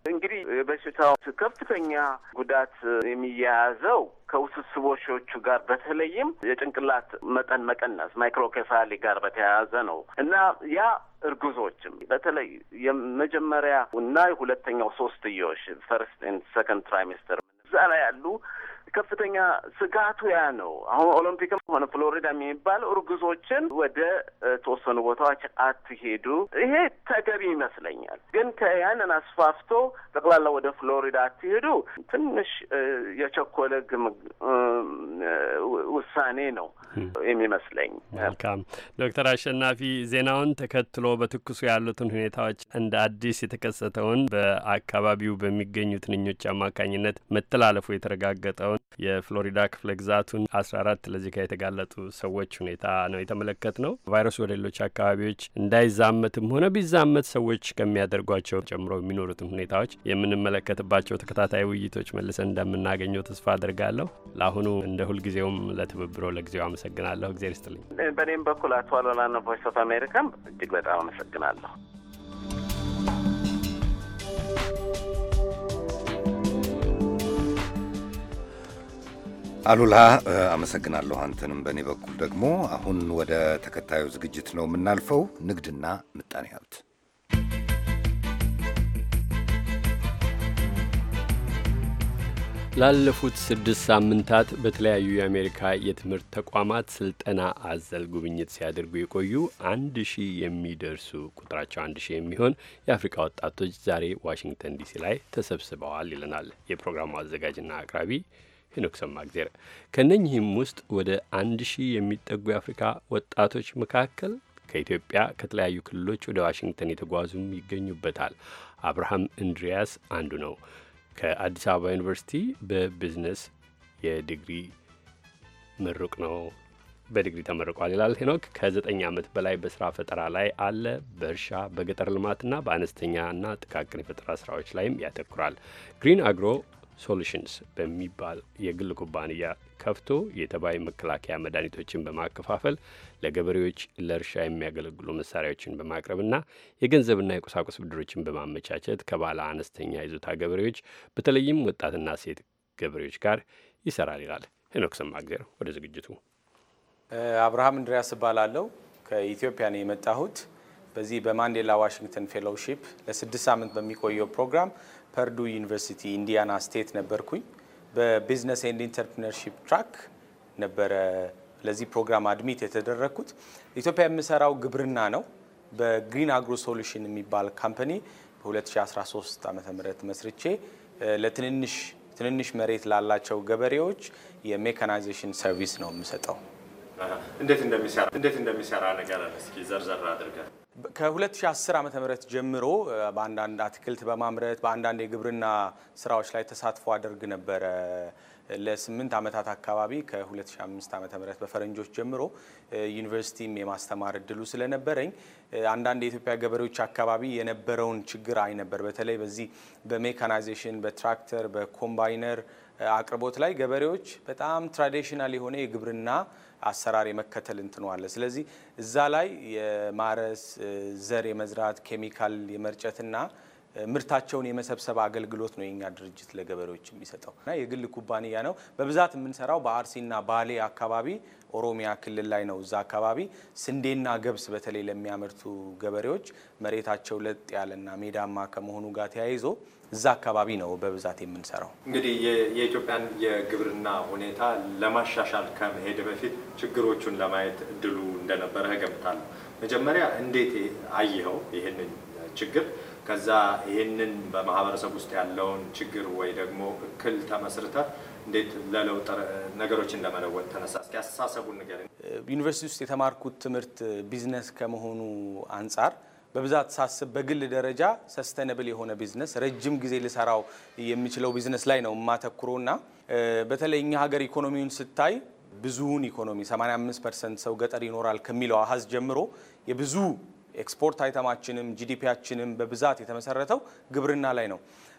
የበሽታው ከፍተኛ ጉዳት የሚያያዘው ከውስብስቦሾቹ ጋር በተለይም የጭንቅላት መጠን መቀነስ ማይክሮኬፋሊ ጋር በተያያዘ ነው እና ያ እርጉዞችም በተለይ የመጀመሪያ እና የሁለተኛው ሶስትዮሽ ፈርስት ኤንድ ሰከንድ ትራይሚስተር እዛ ላይ ያሉ ከፍተኛ ስጋቱ ያ ነው። አሁን ኦሎምፒክም ሆነ ፍሎሪዳ የሚባል እርጉዞችን ወደ ተወሰኑ ቦታዎች አትሄዱ፣ ይሄ ተገቢ ይመስለኛል። ግን ከያንን አስፋፍቶ ጠቅላላ ወደ ፍሎሪዳ አትሄዱ ትንሽ የቸኮለ ግም ውሳኔ ነው የሚመስለኝ። መልካም ዶክተር አሸናፊ ዜናውን ተከትሎ በትኩሱ ያሉትን ሁኔታዎች እንደ አዲስ የተከሰተውን በአካባቢው በሚገኙ ትንኞች አማካኝነት መተላለፉ የተረጋገጠውን የፍሎሪዳ ክፍለ ግዛቱን አስራ አራት ጋር የተጋለጡ ሰዎች ሁኔታ ነው የተመለከት ነው። ቫይረሱ ወደ ሌሎች አካባቢዎች እንዳይዛመትም ሆነ ቢዛመት ሰዎች ከሚያደርጓቸው ጨምሮ የሚኖሩትን ሁኔታዎች የምንመለከትባቸው ተከታታይ ውይይቶች መልሰን እንደምናገኘው ተስፋ አድርጋለሁ። ለአሁኑ እንደ ሁልጊዜውም ለትብብሮ ለጊዜው አመሰግናለሁ። እግዜር ይስጥልኝ። በእኔም በኩል አቶ አሎና ቮይስ ኦፍ አሜሪካም እጅግ በጣም አመሰግናለሁ። አሉላ አመሰግናለሁ። አንተንም በእኔ በኩል ደግሞ አሁን ወደ ተከታዩ ዝግጅት ነው የምናልፈው፣ ንግድና ምጣኔ ሀብት። ላለፉት ስድስት ሳምንታት በተለያዩ የአሜሪካ የትምህርት ተቋማት ስልጠና አዘል ጉብኝት ሲያደርጉ የቆዩ አንድ ሺህ የሚደርሱ ቁጥራቸው አንድ ሺህ የሚሆን የአፍሪካ ወጣቶች ዛሬ ዋሽንግተን ዲሲ ላይ ተሰብስበዋል ይለናል የፕሮግራሙ አዘጋጅና አቅራቢ ሄኖክ ሰማእግዜር ከእነኚህም ውስጥ ወደ አንድ ሺህ የሚጠጉ የአፍሪካ ወጣቶች መካከል ከኢትዮጵያ ከተለያዩ ክልሎች ወደ ዋሽንግተን የተጓዙም ይገኙበታል። አብርሃም እንድሪያስ አንዱ ነው። ከአዲስ አበባ ዩኒቨርሲቲ በቢዝነስ የዲግሪ ምሩቅ ነው። በዲግሪ ተመርቋል ይላል ሄኖክ። ከዘጠኝ ዓመት በላይ በስራ ፈጠራ ላይ አለ። በእርሻ በገጠር ልማትና በአነስተኛና ጥቃቅን የፈጠራ ስራዎች ላይም ያተኩራል። ግሪን አግሮ ሶሉሽንስ በሚባል የግል ኩባንያ ከፍቶ የተባይ መከላከያ መድኃኒቶችን በማከፋፈል ለገበሬዎች ለእርሻ የሚያገለግሉ መሳሪያዎችን በማቅረብና የገንዘብና የቁሳቁስ ብድሮችን በማመቻቸት ከባለ አነስተኛ ይዞታ ገበሬዎች በተለይም ወጣትና ሴት ገበሬዎች ጋር ይሰራል ይላል ሄኖክ ሰማግዜር። ወደ ዝግጅቱ አብርሃም እንድሪያስ እባላለሁ። ከኢትዮጵያ ነው የመጣሁት። በዚህ በማንዴላ ዋሽንግተን ፌሎውሺፕ ለስድስት ሳምንት በሚቆየው ፕሮግራም ፐርዱ ዩኒቨርሲቲ ኢንዲያና ስቴት ነበርኩኝ። በቢዝነስ ኤንድ ኢንተርፕሪነርሺፕ ትራክ ነበረ ለዚህ ፕሮግራም አድሚት የተደረግኩት። ኢትዮጵያ የምሰራው ግብርና ነው። በግሪን አግሮ ሶሉሽን የሚባል ካምፓኒ በ2013 ዓ ም መስርቼ ለትንንሽ ትንንሽ መሬት ላላቸው ገበሬዎች የሜካናይዜሽን ሰርቪስ ነው የምሰጠው። እንዴት እንደሚሰራ ነገር እስኪ ዘርዘር አድርገን ከ2010 ዓ.ም ጀምሮ በአንዳንድ አትክልት በማምረት በአንዳንድ የግብርና ስራዎች ላይ ተሳትፎ አደርግ ነበረ። ለስምንት ዓመታት አካባቢ ከ2005 ዓ.ም በፈረንጆች ጀምሮ ዩኒቨርሲቲም የማስተማር እድሉ ስለነበረኝ አንዳንድ የኢትዮጵያ ገበሬዎች አካባቢ የነበረውን ችግር አይ ነበር። በተለይ በዚህ በሜካናይዜሽን በትራክተር በኮምባይነር አቅርቦት ላይ ገበሬዎች በጣም ትራዲሽናል የሆነ የግብርና አሰራር የመከተል እንትኑ አለ። ስለዚህ እዛ ላይ የማረስ ዘር የመዝራት ኬሚካል የመርጨትና ምርታቸውን የመሰብሰብ አገልግሎት ነው የኛ ድርጅት ለገበሬዎች የሚሰጠው እና የግል ኩባንያ ነው። በብዛት የምንሰራው በአርሲና ባሌ አካባቢ ኦሮሚያ ክልል ላይ ነው። እዛ አካባቢ ስንዴና ገብስ በተለይ ለሚያመርቱ ገበሬዎች መሬታቸው ለጥ ያለና ሜዳማ ከመሆኑ ጋር ተያይዞ እዛ አካባቢ ነው በብዛት የምንሰራው። እንግዲህ የኢትዮጵያን የግብርና ሁኔታ ለማሻሻል ከመሄድ በፊት ችግሮቹን ለማየት እድሉ እንደነበረ እገምታለሁ። መጀመሪያ እንዴት አየኸው ይህንን ችግር? ከዛ ይህንን በማህበረሰብ ውስጥ ያለውን ችግር ወይ ደግሞ እክል ተመስርተ እንዴት ለለውጥ ነገሮችን ለመለወጥ ተነሳ? እስኪ አስተሳሰቡን ንገረኝ። ዩኒቨርሲቲ ውስጥ የተማርኩት ትምህርት ቢዝነስ ከመሆኑ አንጻር በብዛት ሳስብ በግል ደረጃ ሰስተነብል የሆነ ቢዝነስ ረጅም ጊዜ ልሰራው የሚችለው ቢዝነስ ላይ ነው የማተኩረው እና በተለይ እኛ ሀገር ኢኮኖሚውን ስታይ ብዙውን ኢኮኖሚ 85 ፐርሰንት ሰው ገጠር ይኖራል ከሚለው አሀዝ ጀምሮ የብዙ ኤክስፖርት አይተማችንም ጂዲፒያችንም በብዛት የተመሰረተው ግብርና ላይ ነው።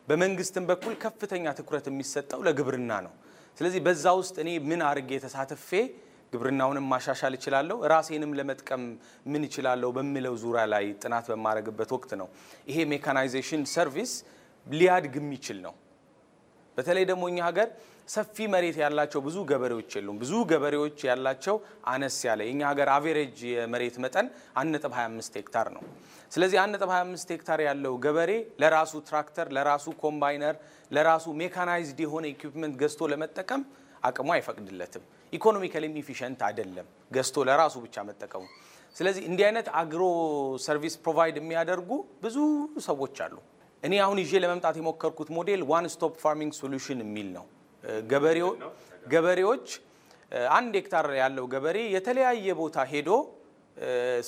በመንግስትም በኩል ከፍተኛ ትኩረት የሚሰጠው ለግብርና ነው። ስለዚህ በዛ ውስጥ እኔ ምን አድርጌ ተሳትፌ ግብርናውንም ማሻሻል እችላለሁ፣ ራሴንም ለመጥቀም ምን እችላለሁ በሚለው ዙሪያ ላይ ጥናት በማድረግበት ወቅት ነው ይሄ ሜካናይዜሽን ሰርቪስ ሊያድግ የሚችል ነው። በተለይ ደግሞ እኛ ሀገር ሰፊ መሬት ያላቸው ብዙ ገበሬዎች የሉም። ብዙ ገበሬዎች ያላቸው አነስ ያለ የእኛ ሀገር አቬሬጅ የመሬት መጠን 1.25 ሄክታር ነው። ስለዚህ 1.25 ሄክታር ያለው ገበሬ ለራሱ ትራክተር፣ ለራሱ ኮምባይነር፣ ለራሱ ሜካናይዝድ የሆነ ኢኩፕመንት ገዝቶ ለመጠቀም አቅሙ አይፈቅድለትም። ኢኮኖሚካሊም ኢፊሽንት አይደለም ገዝቶ ለራሱ ብቻ መጠቀሙ። ስለዚህ እንዲህ አይነት አግሮ ሰርቪስ ፕሮቫይድ የሚያደርጉ ብዙ ሰዎች አሉ። እኔ አሁን ይዤ ለመምጣት የሞከርኩት ሞዴል ዋን ስቶፕ ፋርሚንግ ሶሉሽን የሚል ነው። ገበሬዎች አንድ ሄክታር ያለው ገበሬ የተለያየ ቦታ ሄዶ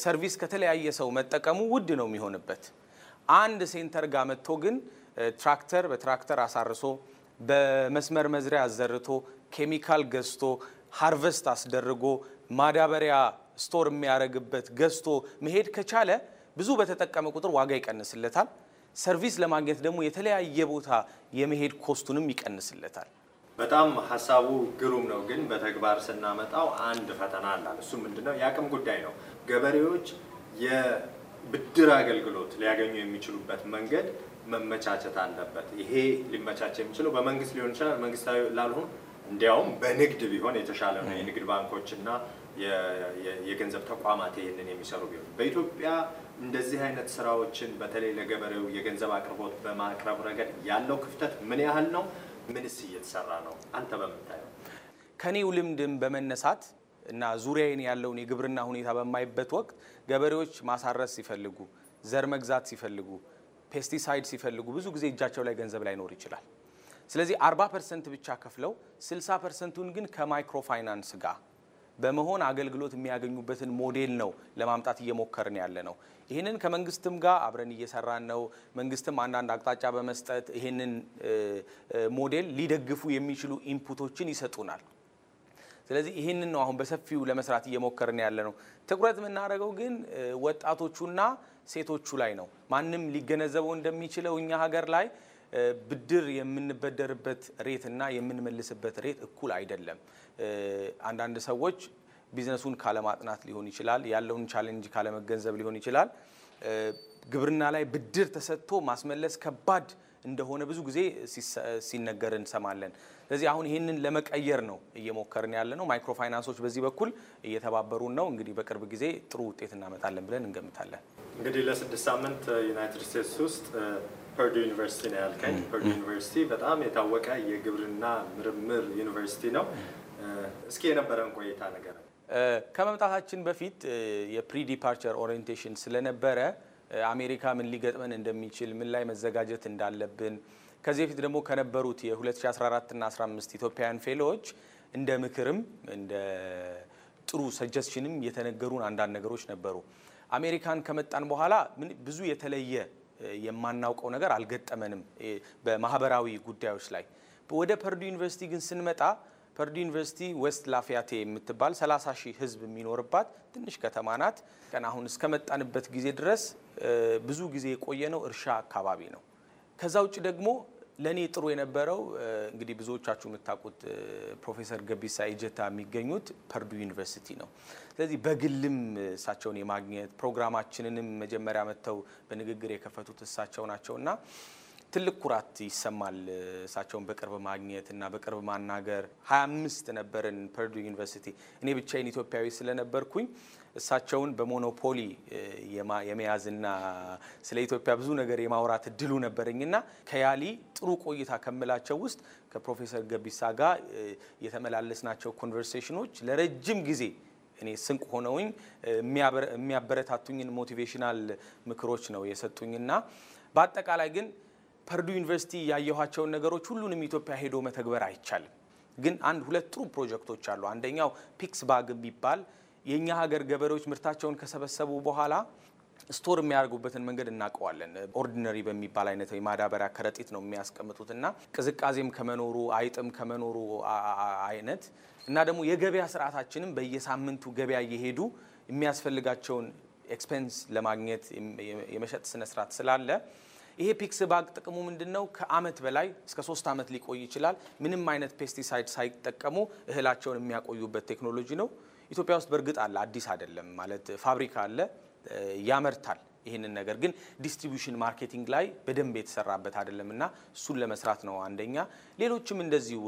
ሰርቪስ ከተለያየ ሰው መጠቀሙ ውድ ነው የሚሆንበት። አንድ ሴንተር ጋር መጥቶ ግን ትራክተር በትራክተር አሳርሶ በመስመር መዝሪያ አዘርቶ ኬሚካል ገዝቶ ሃርቨስት አስደርጎ ማዳበሪያ ስቶር የሚያደርግበት ገዝቶ መሄድ ከቻለ ብዙ በተጠቀመ ቁጥር ዋጋ ይቀንስለታል። ሰርቪስ ለማግኘት ደግሞ የተለያየ ቦታ የመሄድ ኮስቱንም ይቀንስለታል። በጣም ሀሳቡ ግሩም ነው፣ ግን በተግባር ስናመጣው አንድ ፈተና አላል። እሱ ምንድነው? የአቅም ጉዳይ ነው። ገበሬዎች የብድር አገልግሎት ሊያገኙ የሚችሉበት መንገድ መመቻቸት አለበት። ይሄ ሊመቻቸ የሚችለው በመንግስት ሊሆን ይችላል፣ መንግስታዊ ላልሆን እንዲያውም በንግድ ቢሆን የተሻለ ነው። የንግድ እና የገንዘብ ተቋማት ይህንን የሚሰሩ ቢሆን በኢትዮጵያ እንደዚህ አይነት ስራዎችን በተለይ ለገበሬው የገንዘብ አቅርቦት በማቅረብ ረገድ ያለው ክፍተት ምን ያህል ነው? ምንስ እየተሰራ ነው? አንተ በምታየው ከኔው ልምድም በመነሳት እና ዙሪያዬን ያለውን የግብርና ሁኔታ በማይበት ወቅት ገበሬዎች ማሳረስ ሲፈልጉ፣ ዘር መግዛት ሲፈልጉ፣ ፔስቲሳይድ ሲፈልጉ ብዙ ጊዜ እጃቸው ላይ ገንዘብ ላይኖር ይችላል። ስለዚህ 40 ፐርሰንት ብቻ ከፍለው 60 ፐርሰንቱን ግን ከማይክሮ ፋይናንስ ጋር በመሆን አገልግሎት የሚያገኙበትን ሞዴል ነው ለማምጣት እየሞከርን ያለ ነው። ይህንን ከመንግስትም ጋር አብረን እየሰራን ነው። መንግስትም አንዳንድ አቅጣጫ በመስጠት ይህንን ሞዴል ሊደግፉ የሚችሉ ኢንፑቶችን ይሰጡናል። ስለዚህ ይህንን ነው አሁን በሰፊው ለመስራት እየሞከርን ያለ ነው። ትኩረት የምናደርገው ግን ወጣቶቹና ሴቶቹ ላይ ነው። ማንም ሊገነዘበው እንደሚችለው እኛ ሀገር ላይ ብድር የምንበደርበት ሬት እና የምንመልስበት ሬት እኩል አይደለም። አንዳንድ ሰዎች ቢዝነሱን ካለማጥናት ሊሆን ይችላል፣ ያለውን ቻሌንጅ ካለመገንዘብ ሊሆን ይችላል። ግብርና ላይ ብድር ተሰጥቶ ማስመለስ ከባድ እንደሆነ ብዙ ጊዜ ሲነገር እንሰማለን። ስለዚህ አሁን ይህንን ለመቀየር ነው እየሞከርን ያለ ነው። ማይክሮ ፋይናንሶች በዚህ በኩል እየተባበሩን ነው። እንግዲህ በቅርብ ጊዜ ጥሩ ውጤት እናመጣለን ብለን እንገምታለን። እንግዲህ ለስድስት ሳምንት ዩናይትድ ስቴትስ ውስጥ ፐርዱ ዩኒቨርሲቲ ነው ያልከኝ። ፐርዱ ዩኒቨርሲቲ በጣም የታወቀ የግብርና ምርምር ዩኒቨርሲቲ ነው። እስኪ የነበረን ቆይታ ነገር ከመምጣታችን በፊት የፕሪ ዲፓርቸር ኦሪየንቴሽን ስለነበረ አሜሪካ ምን ሊገጥመን እንደሚችል ምን ላይ መዘጋጀት እንዳለብን ከዚህ በፊት ደግሞ ከነበሩት የ2014 እና 15 ኢትዮጵያውያን ፌሎዎች እንደ ምክርም እንደ ጥሩ ሰጀስሽንም የተነገሩን አንዳንድ ነገሮች ነበሩ። አሜሪካን ከመጣን በኋላ ብዙ የተለየ የማናውቀው ነገር አልገጠመንም በማህበራዊ ጉዳዮች ላይ። ወደ ፐርዱ ዩኒቨርሲቲ ግን ስንመጣ ፐርዱ ዩኒቨርሲቲ ዌስት ላፊያቴ የምትባል 30 ሺህ ህዝብ የሚኖርባት ትንሽ ከተማ ናት። ቀን አሁን እስከመጣንበት ጊዜ ድረስ ብዙ ጊዜ የቆየነው እርሻ አካባቢ ነው። ከዛ ውጭ ደግሞ ለእኔ ጥሩ የነበረው እንግዲህ ብዙዎቻችሁ የምታውቁት ፕሮፌሰር ገቢሳ ኢጀታ የሚገኙት ፐርዱ ዩኒቨርሲቲ ነው። ስለዚህ በግልም እሳቸውን የማግኘት ፕሮግራማችንንም መጀመሪያ መጥተው በንግግር የከፈቱት እሳቸው ናቸው እና ትልቅ ኩራት ይሰማል እሳቸውን በቅርብ ማግኘት እና በቅርብ ማናገር። ሀያ አምስት ነበርን ፐርዱ ዩኒቨርሲቲ እኔ ብቻዬን ኢትዮጵያዊ ስለነበርኩኝ እሳቸውን በሞኖፖሊ የመያዝና ስለ ኢትዮጵያ ብዙ ነገር የማውራት እድሉ ነበረኝና ከያሊ ጥሩ ቆይታ ከምላቸው ውስጥ ከፕሮፌሰር ገቢሳ ጋር የተመላለስናቸው ኮንቨርሴሽኖች ለረጅም ጊዜ እኔ ስንቅ ሆነውኝ የሚያበረታቱኝን ሞቲቬሽናል ምክሮች ነው የሰጡኝና በአጠቃላይ ግን ፐርዱ ዩኒቨርሲቲ ያየኋቸውን ነገሮች ሁሉንም ኢትዮጵያ ሄዶ መተግበር አይቻልም። ግን አንድ ሁለት ጥሩ ፕሮጀክቶች አሉ። አንደኛው ፒክስ ባግ የሚባል የእኛ ሀገር ገበሬዎች ምርታቸውን ከሰበሰቡ በኋላ ስቶር የሚያደርጉበትን መንገድ እናውቀዋለን። ኦርዲነሪ በሚባል አይነት የማዳበሪያ ከረጢት ነው የሚያስቀምጡት እና ቅዝቃዜም ከመኖሩ አይጥም ከመኖሩ አይነት እና ደግሞ የገበያ ስርዓታችንም በየሳምንቱ ገበያ እየሄዱ የሚያስፈልጋቸውን ኤክስፔንስ ለማግኘት የመሸጥ ስነ ስርዓት ስላለ ይሄ ፒክስ ባግ ጥቅሙ ምንድን ነው? ከአመት በላይ እስከ ሶስት ዓመት ሊቆይ ይችላል። ምንም አይነት ፔስቲሳይድ ሳይጠቀሙ እህላቸውን የሚያቆዩበት ቴክኖሎጂ ነው። ኢትዮጵያ ውስጥ በእርግጥ አለ፣ አዲስ አይደለም ማለት ፋብሪካ አለ ያመርታል። ይህንን ነገር ግን ዲስትሪቢዩሽን ማርኬቲንግ ላይ በደንብ የተሰራበት አይደለም እና እሱን ለመስራት ነው አንደኛ። ሌሎችም እንደዚሁ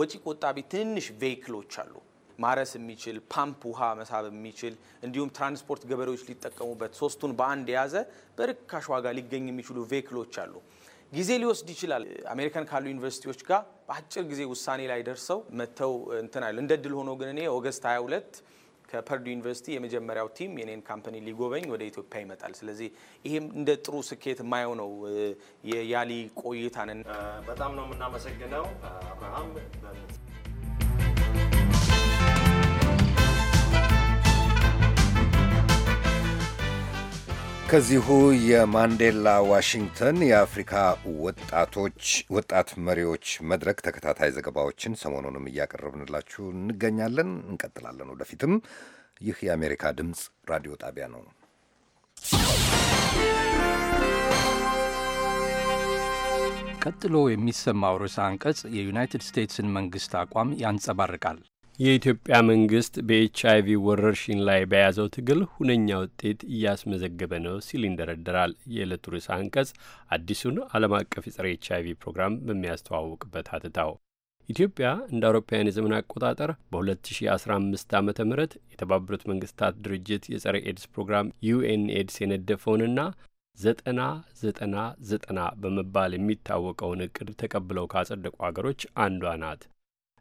ወጪ ቆጣቢ ትንንሽ ቬይክሎች አሉ ማረስ የሚችል ፓምፕ ውሃ መሳብ የሚችል እንዲሁም ትራንስፖርት ገበሬዎች ሊጠቀሙበት ሶስቱን በአንድ የያዘ በርካሽ ዋጋ ሊገኝ የሚችሉ ቬክሎች አሉ። ጊዜ ሊወስድ ይችላል። አሜሪካን ካሉ ዩኒቨርሲቲዎች ጋር በአጭር ጊዜ ውሳኔ ላይ ደርሰው መጥተው እንትን አይሉ እንደ ድል ሆኖ ግን እኔ ኦገስት 22 ከፐርዱ ዩኒቨርሲቲ የመጀመሪያው ቲም የኔን ካምፓኒ ሊጎበኝ ወደ ኢትዮጵያ ይመጣል። ስለዚህ ይሄም እንደ ጥሩ ስኬት የማየው ነው የያሊ ቆይታንን በጣም ነው የምናመሰግነው አብርሃም። ከዚሁ የማንዴላ ዋሽንግተን የአፍሪካ ወጣቶች ወጣት መሪዎች መድረክ ተከታታይ ዘገባዎችን ሰሞኑንም እያቀረብንላችሁ እንገኛለን። እንቀጥላለን ወደፊትም። ይህ የአሜሪካ ድምፅ ራዲዮ ጣቢያ ነው። ቀጥሎ የሚሰማው ርዕሰ አንቀጽ የዩናይትድ ስቴትስን መንግሥት አቋም ያንጸባርቃል። የኢትዮጵያ መንግስት በኤች አይቪ ወረርሽኝ ላይ በያዘው ትግል ሁነኛ ውጤት እያስመዘገበ ነው ሲል ይንደረደራል የዕለቱ ርዕሰ አንቀጽ አዲሱን ዓለም አቀፍ የጸረ ኤች አይቪ ፕሮግራም በሚያስተዋውቅበት አትታው። ኢትዮጵያ እንደ አውሮፓውያን የዘመን አቆጣጠር በ2015 ዓ ም የተባበሩት መንግስታት ድርጅት የጸረ ኤድስ ፕሮግራም ዩኤን ኤድስ የነደፈውንና ዘጠና ዘጠና ዘጠና በመባል የሚታወቀውን እቅድ ተቀብለው ካጸደቁ አገሮች አንዷ ናት።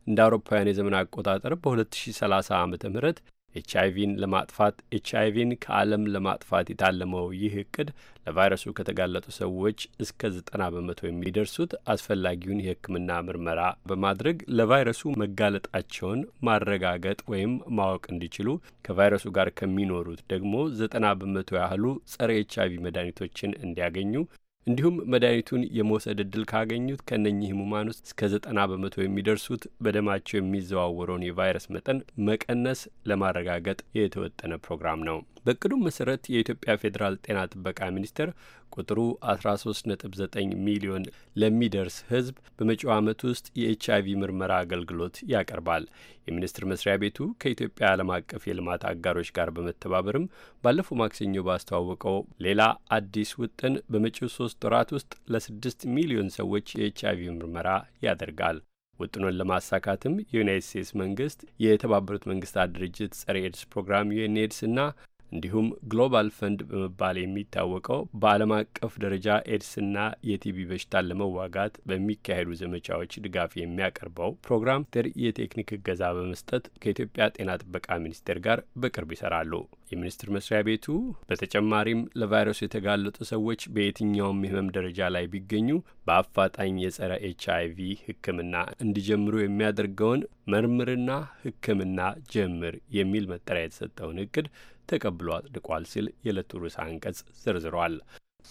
እንደ አውሮፓውያን የዘመን አቆጣጠር በ2030 ዓ ም ኤች አይቪን ለማጥፋት ኤች አይቪን ከዓለም ለማጥፋት የታለመው ይህ እቅድ ለቫይረሱ ከተጋለጡ ሰዎች እስከ ዘጠና በመቶ የሚደርሱት አስፈላጊውን የሕክምና ምርመራ በማድረግ ለቫይረሱ መጋለጣቸውን ማረጋገጥ ወይም ማወቅ እንዲችሉ፣ ከቫይረሱ ጋር ከሚኖሩት ደግሞ ዘጠና በመቶ ያህሉ ጸረ ኤች አይቪ መድኃኒቶችን እንዲያገኙ እንዲሁም መድኃኒቱን የመውሰድ እድል ካገኙት ከነኚህ ህሙማን ውስጥ እስከ ዘጠና በመቶ የሚደርሱት በደማቸው የሚዘዋወረውን የቫይረስ መጠን መቀነስ ለማረጋገጥ የተወጠነ ፕሮግራም ነው። በእቅዱም መሰረት የኢትዮጵያ ፌዴራል ጤና ጥበቃ ሚኒስቴር ቁጥሩ 13.9 ሚሊዮን ለሚደርስ ሕዝብ በመጪው ዓመት ውስጥ የኤች አይቪ ምርመራ አገልግሎት ያቀርባል። የሚኒስቴር መስሪያ ቤቱ ከኢትዮጵያ ዓለም አቀፍ የልማት አጋሮች ጋር በመተባበርም ባለፈው ማክሰኞ ባስተዋወቀው ሌላ አዲስ ውጥን በመጪው ሶስት ወራት ውስጥ ለስድስት ሚሊዮን ሰዎች የኤች አይቪ ምርመራ ያደርጋል። ውጥኑን ለማሳካትም የዩናይት ስቴትስ መንግስት፣ የተባበሩት መንግስታት ድርጅት ጸረ ኤድስ ፕሮግራም ዩኤንኤድስ እና እንዲሁም ግሎባል ፈንድ በመባል የሚታወቀው በዓለም አቀፍ ደረጃ ኤድስና የቲቢ በሽታን ለመዋጋት በሚካሄዱ ዘመቻዎች ድጋፍ የሚያቀርበው ፕሮግራም ትር የቴክኒክ እገዛ በመስጠት ከኢትዮጵያ ጤና ጥበቃ ሚኒስቴር ጋር በቅርብ ይሰራሉ። የሚኒስቴር መስሪያ ቤቱ በተጨማሪም ለቫይረሱ የተጋለጡ ሰዎች በየትኛውም የህመም ደረጃ ላይ ቢገኙ በአፋጣኝ የጸረ ኤች አይቪ ህክምና እንዲጀምሩ የሚያደርገውን መርምርና ህክምና ጀምር የሚል መጠሪያ የተሰጠውን እቅድ ተቀብሎ አጽድቋል ሲል የዕለቱ ርዕሰ አንቀጽ ዘርዝሯል።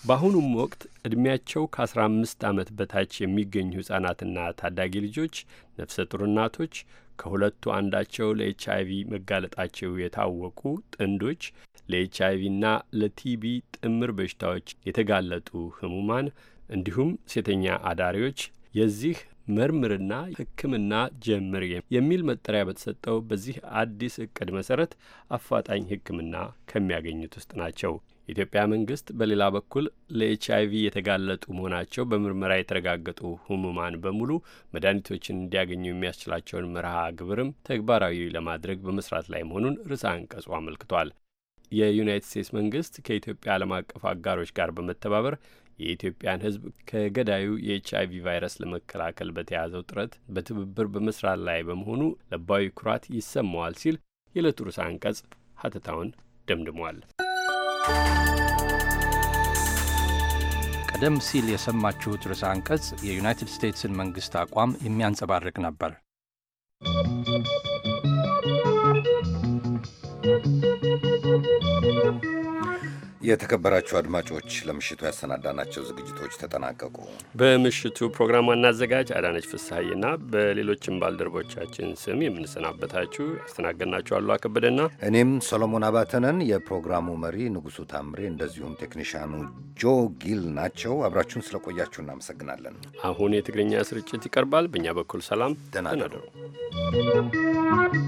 በአሁኑም ወቅት ዕድሜያቸው ከ15 ዓመት በታች የሚገኙ ሕፃናትና ታዳጊ ልጆች፣ ነፍሰ ጡር እናቶች፣ ከሁለቱ አንዳቸው ለኤች አይቪ መጋለጣቸው የታወቁ ጥንዶች፣ ለኤች አይቪና ለቲቢ ጥምር በሽታዎች የተጋለጡ ህሙማን እንዲሁም ሴተኛ አዳሪዎች የዚህ መርምርና ሕክምና ጀምር የሚል መጠሪያ በተሰጠው በዚህ አዲስ እቅድ መሰረት አፋጣኝ ሕክምና ከሚያገኙት ውስጥ ናቸው። የኢትዮጵያ መንግስት በሌላ በኩል ለኤች አይቪ የተጋለጡ መሆናቸው በምርመራ የተረጋገጡ ህሙማን በሙሉ መድኃኒቶችን እንዲያገኙ የሚያስችላቸውን መርሃ ግብርም ተግባራዊ ለማድረግ በመስራት ላይ መሆኑን ርዕሰ አንቀጹ አመልክቷል። የዩናይትድ ስቴትስ መንግስት ከኢትዮጵያ ዓለም አቀፍ አጋሮች ጋር በመተባበር የኢትዮጵያን ሕዝብ ከገዳዩ የኤች አይቪ ቫይረስ ለመከላከል በተያዘው ጥረት በትብብር በመስራት ላይ በመሆኑ ለባዊ ኩራት ይሰማዋል ሲል የዕለቱ ርዕሰ አንቀጽ ሀተታውን ደምድሟል። ቀደም ሲል የሰማችሁት ርዕሰ አንቀጽ የዩናይትድ ስቴትስን መንግሥት አቋም የሚያንጸባርቅ ነበር። የተከበራችሁ አድማጮች ለምሽቱ ያሰናዳናቸው ዝግጅቶች ተጠናቀቁ። በምሽቱ ፕሮግራም ዋና አዘጋጅ አዳነች ፍስሐዬና በሌሎችም ባልደረቦቻችን ስም የምንሰናበታችሁ ያስተናገድናችሁ አሉ አከበደና እኔም ሰሎሞን አባተነን። የፕሮግራሙ መሪ ንጉሱ ታምሬ፣ እንደዚሁም ቴክኒሽያኑ ጆ ጊል ናቸው። አብራችሁን ስለቆያችሁ እናመሰግናለን። አሁን የትግርኛ ስርጭት ይቀርባል። በእኛ በኩል ሰላም፣ ደህና እደሩ።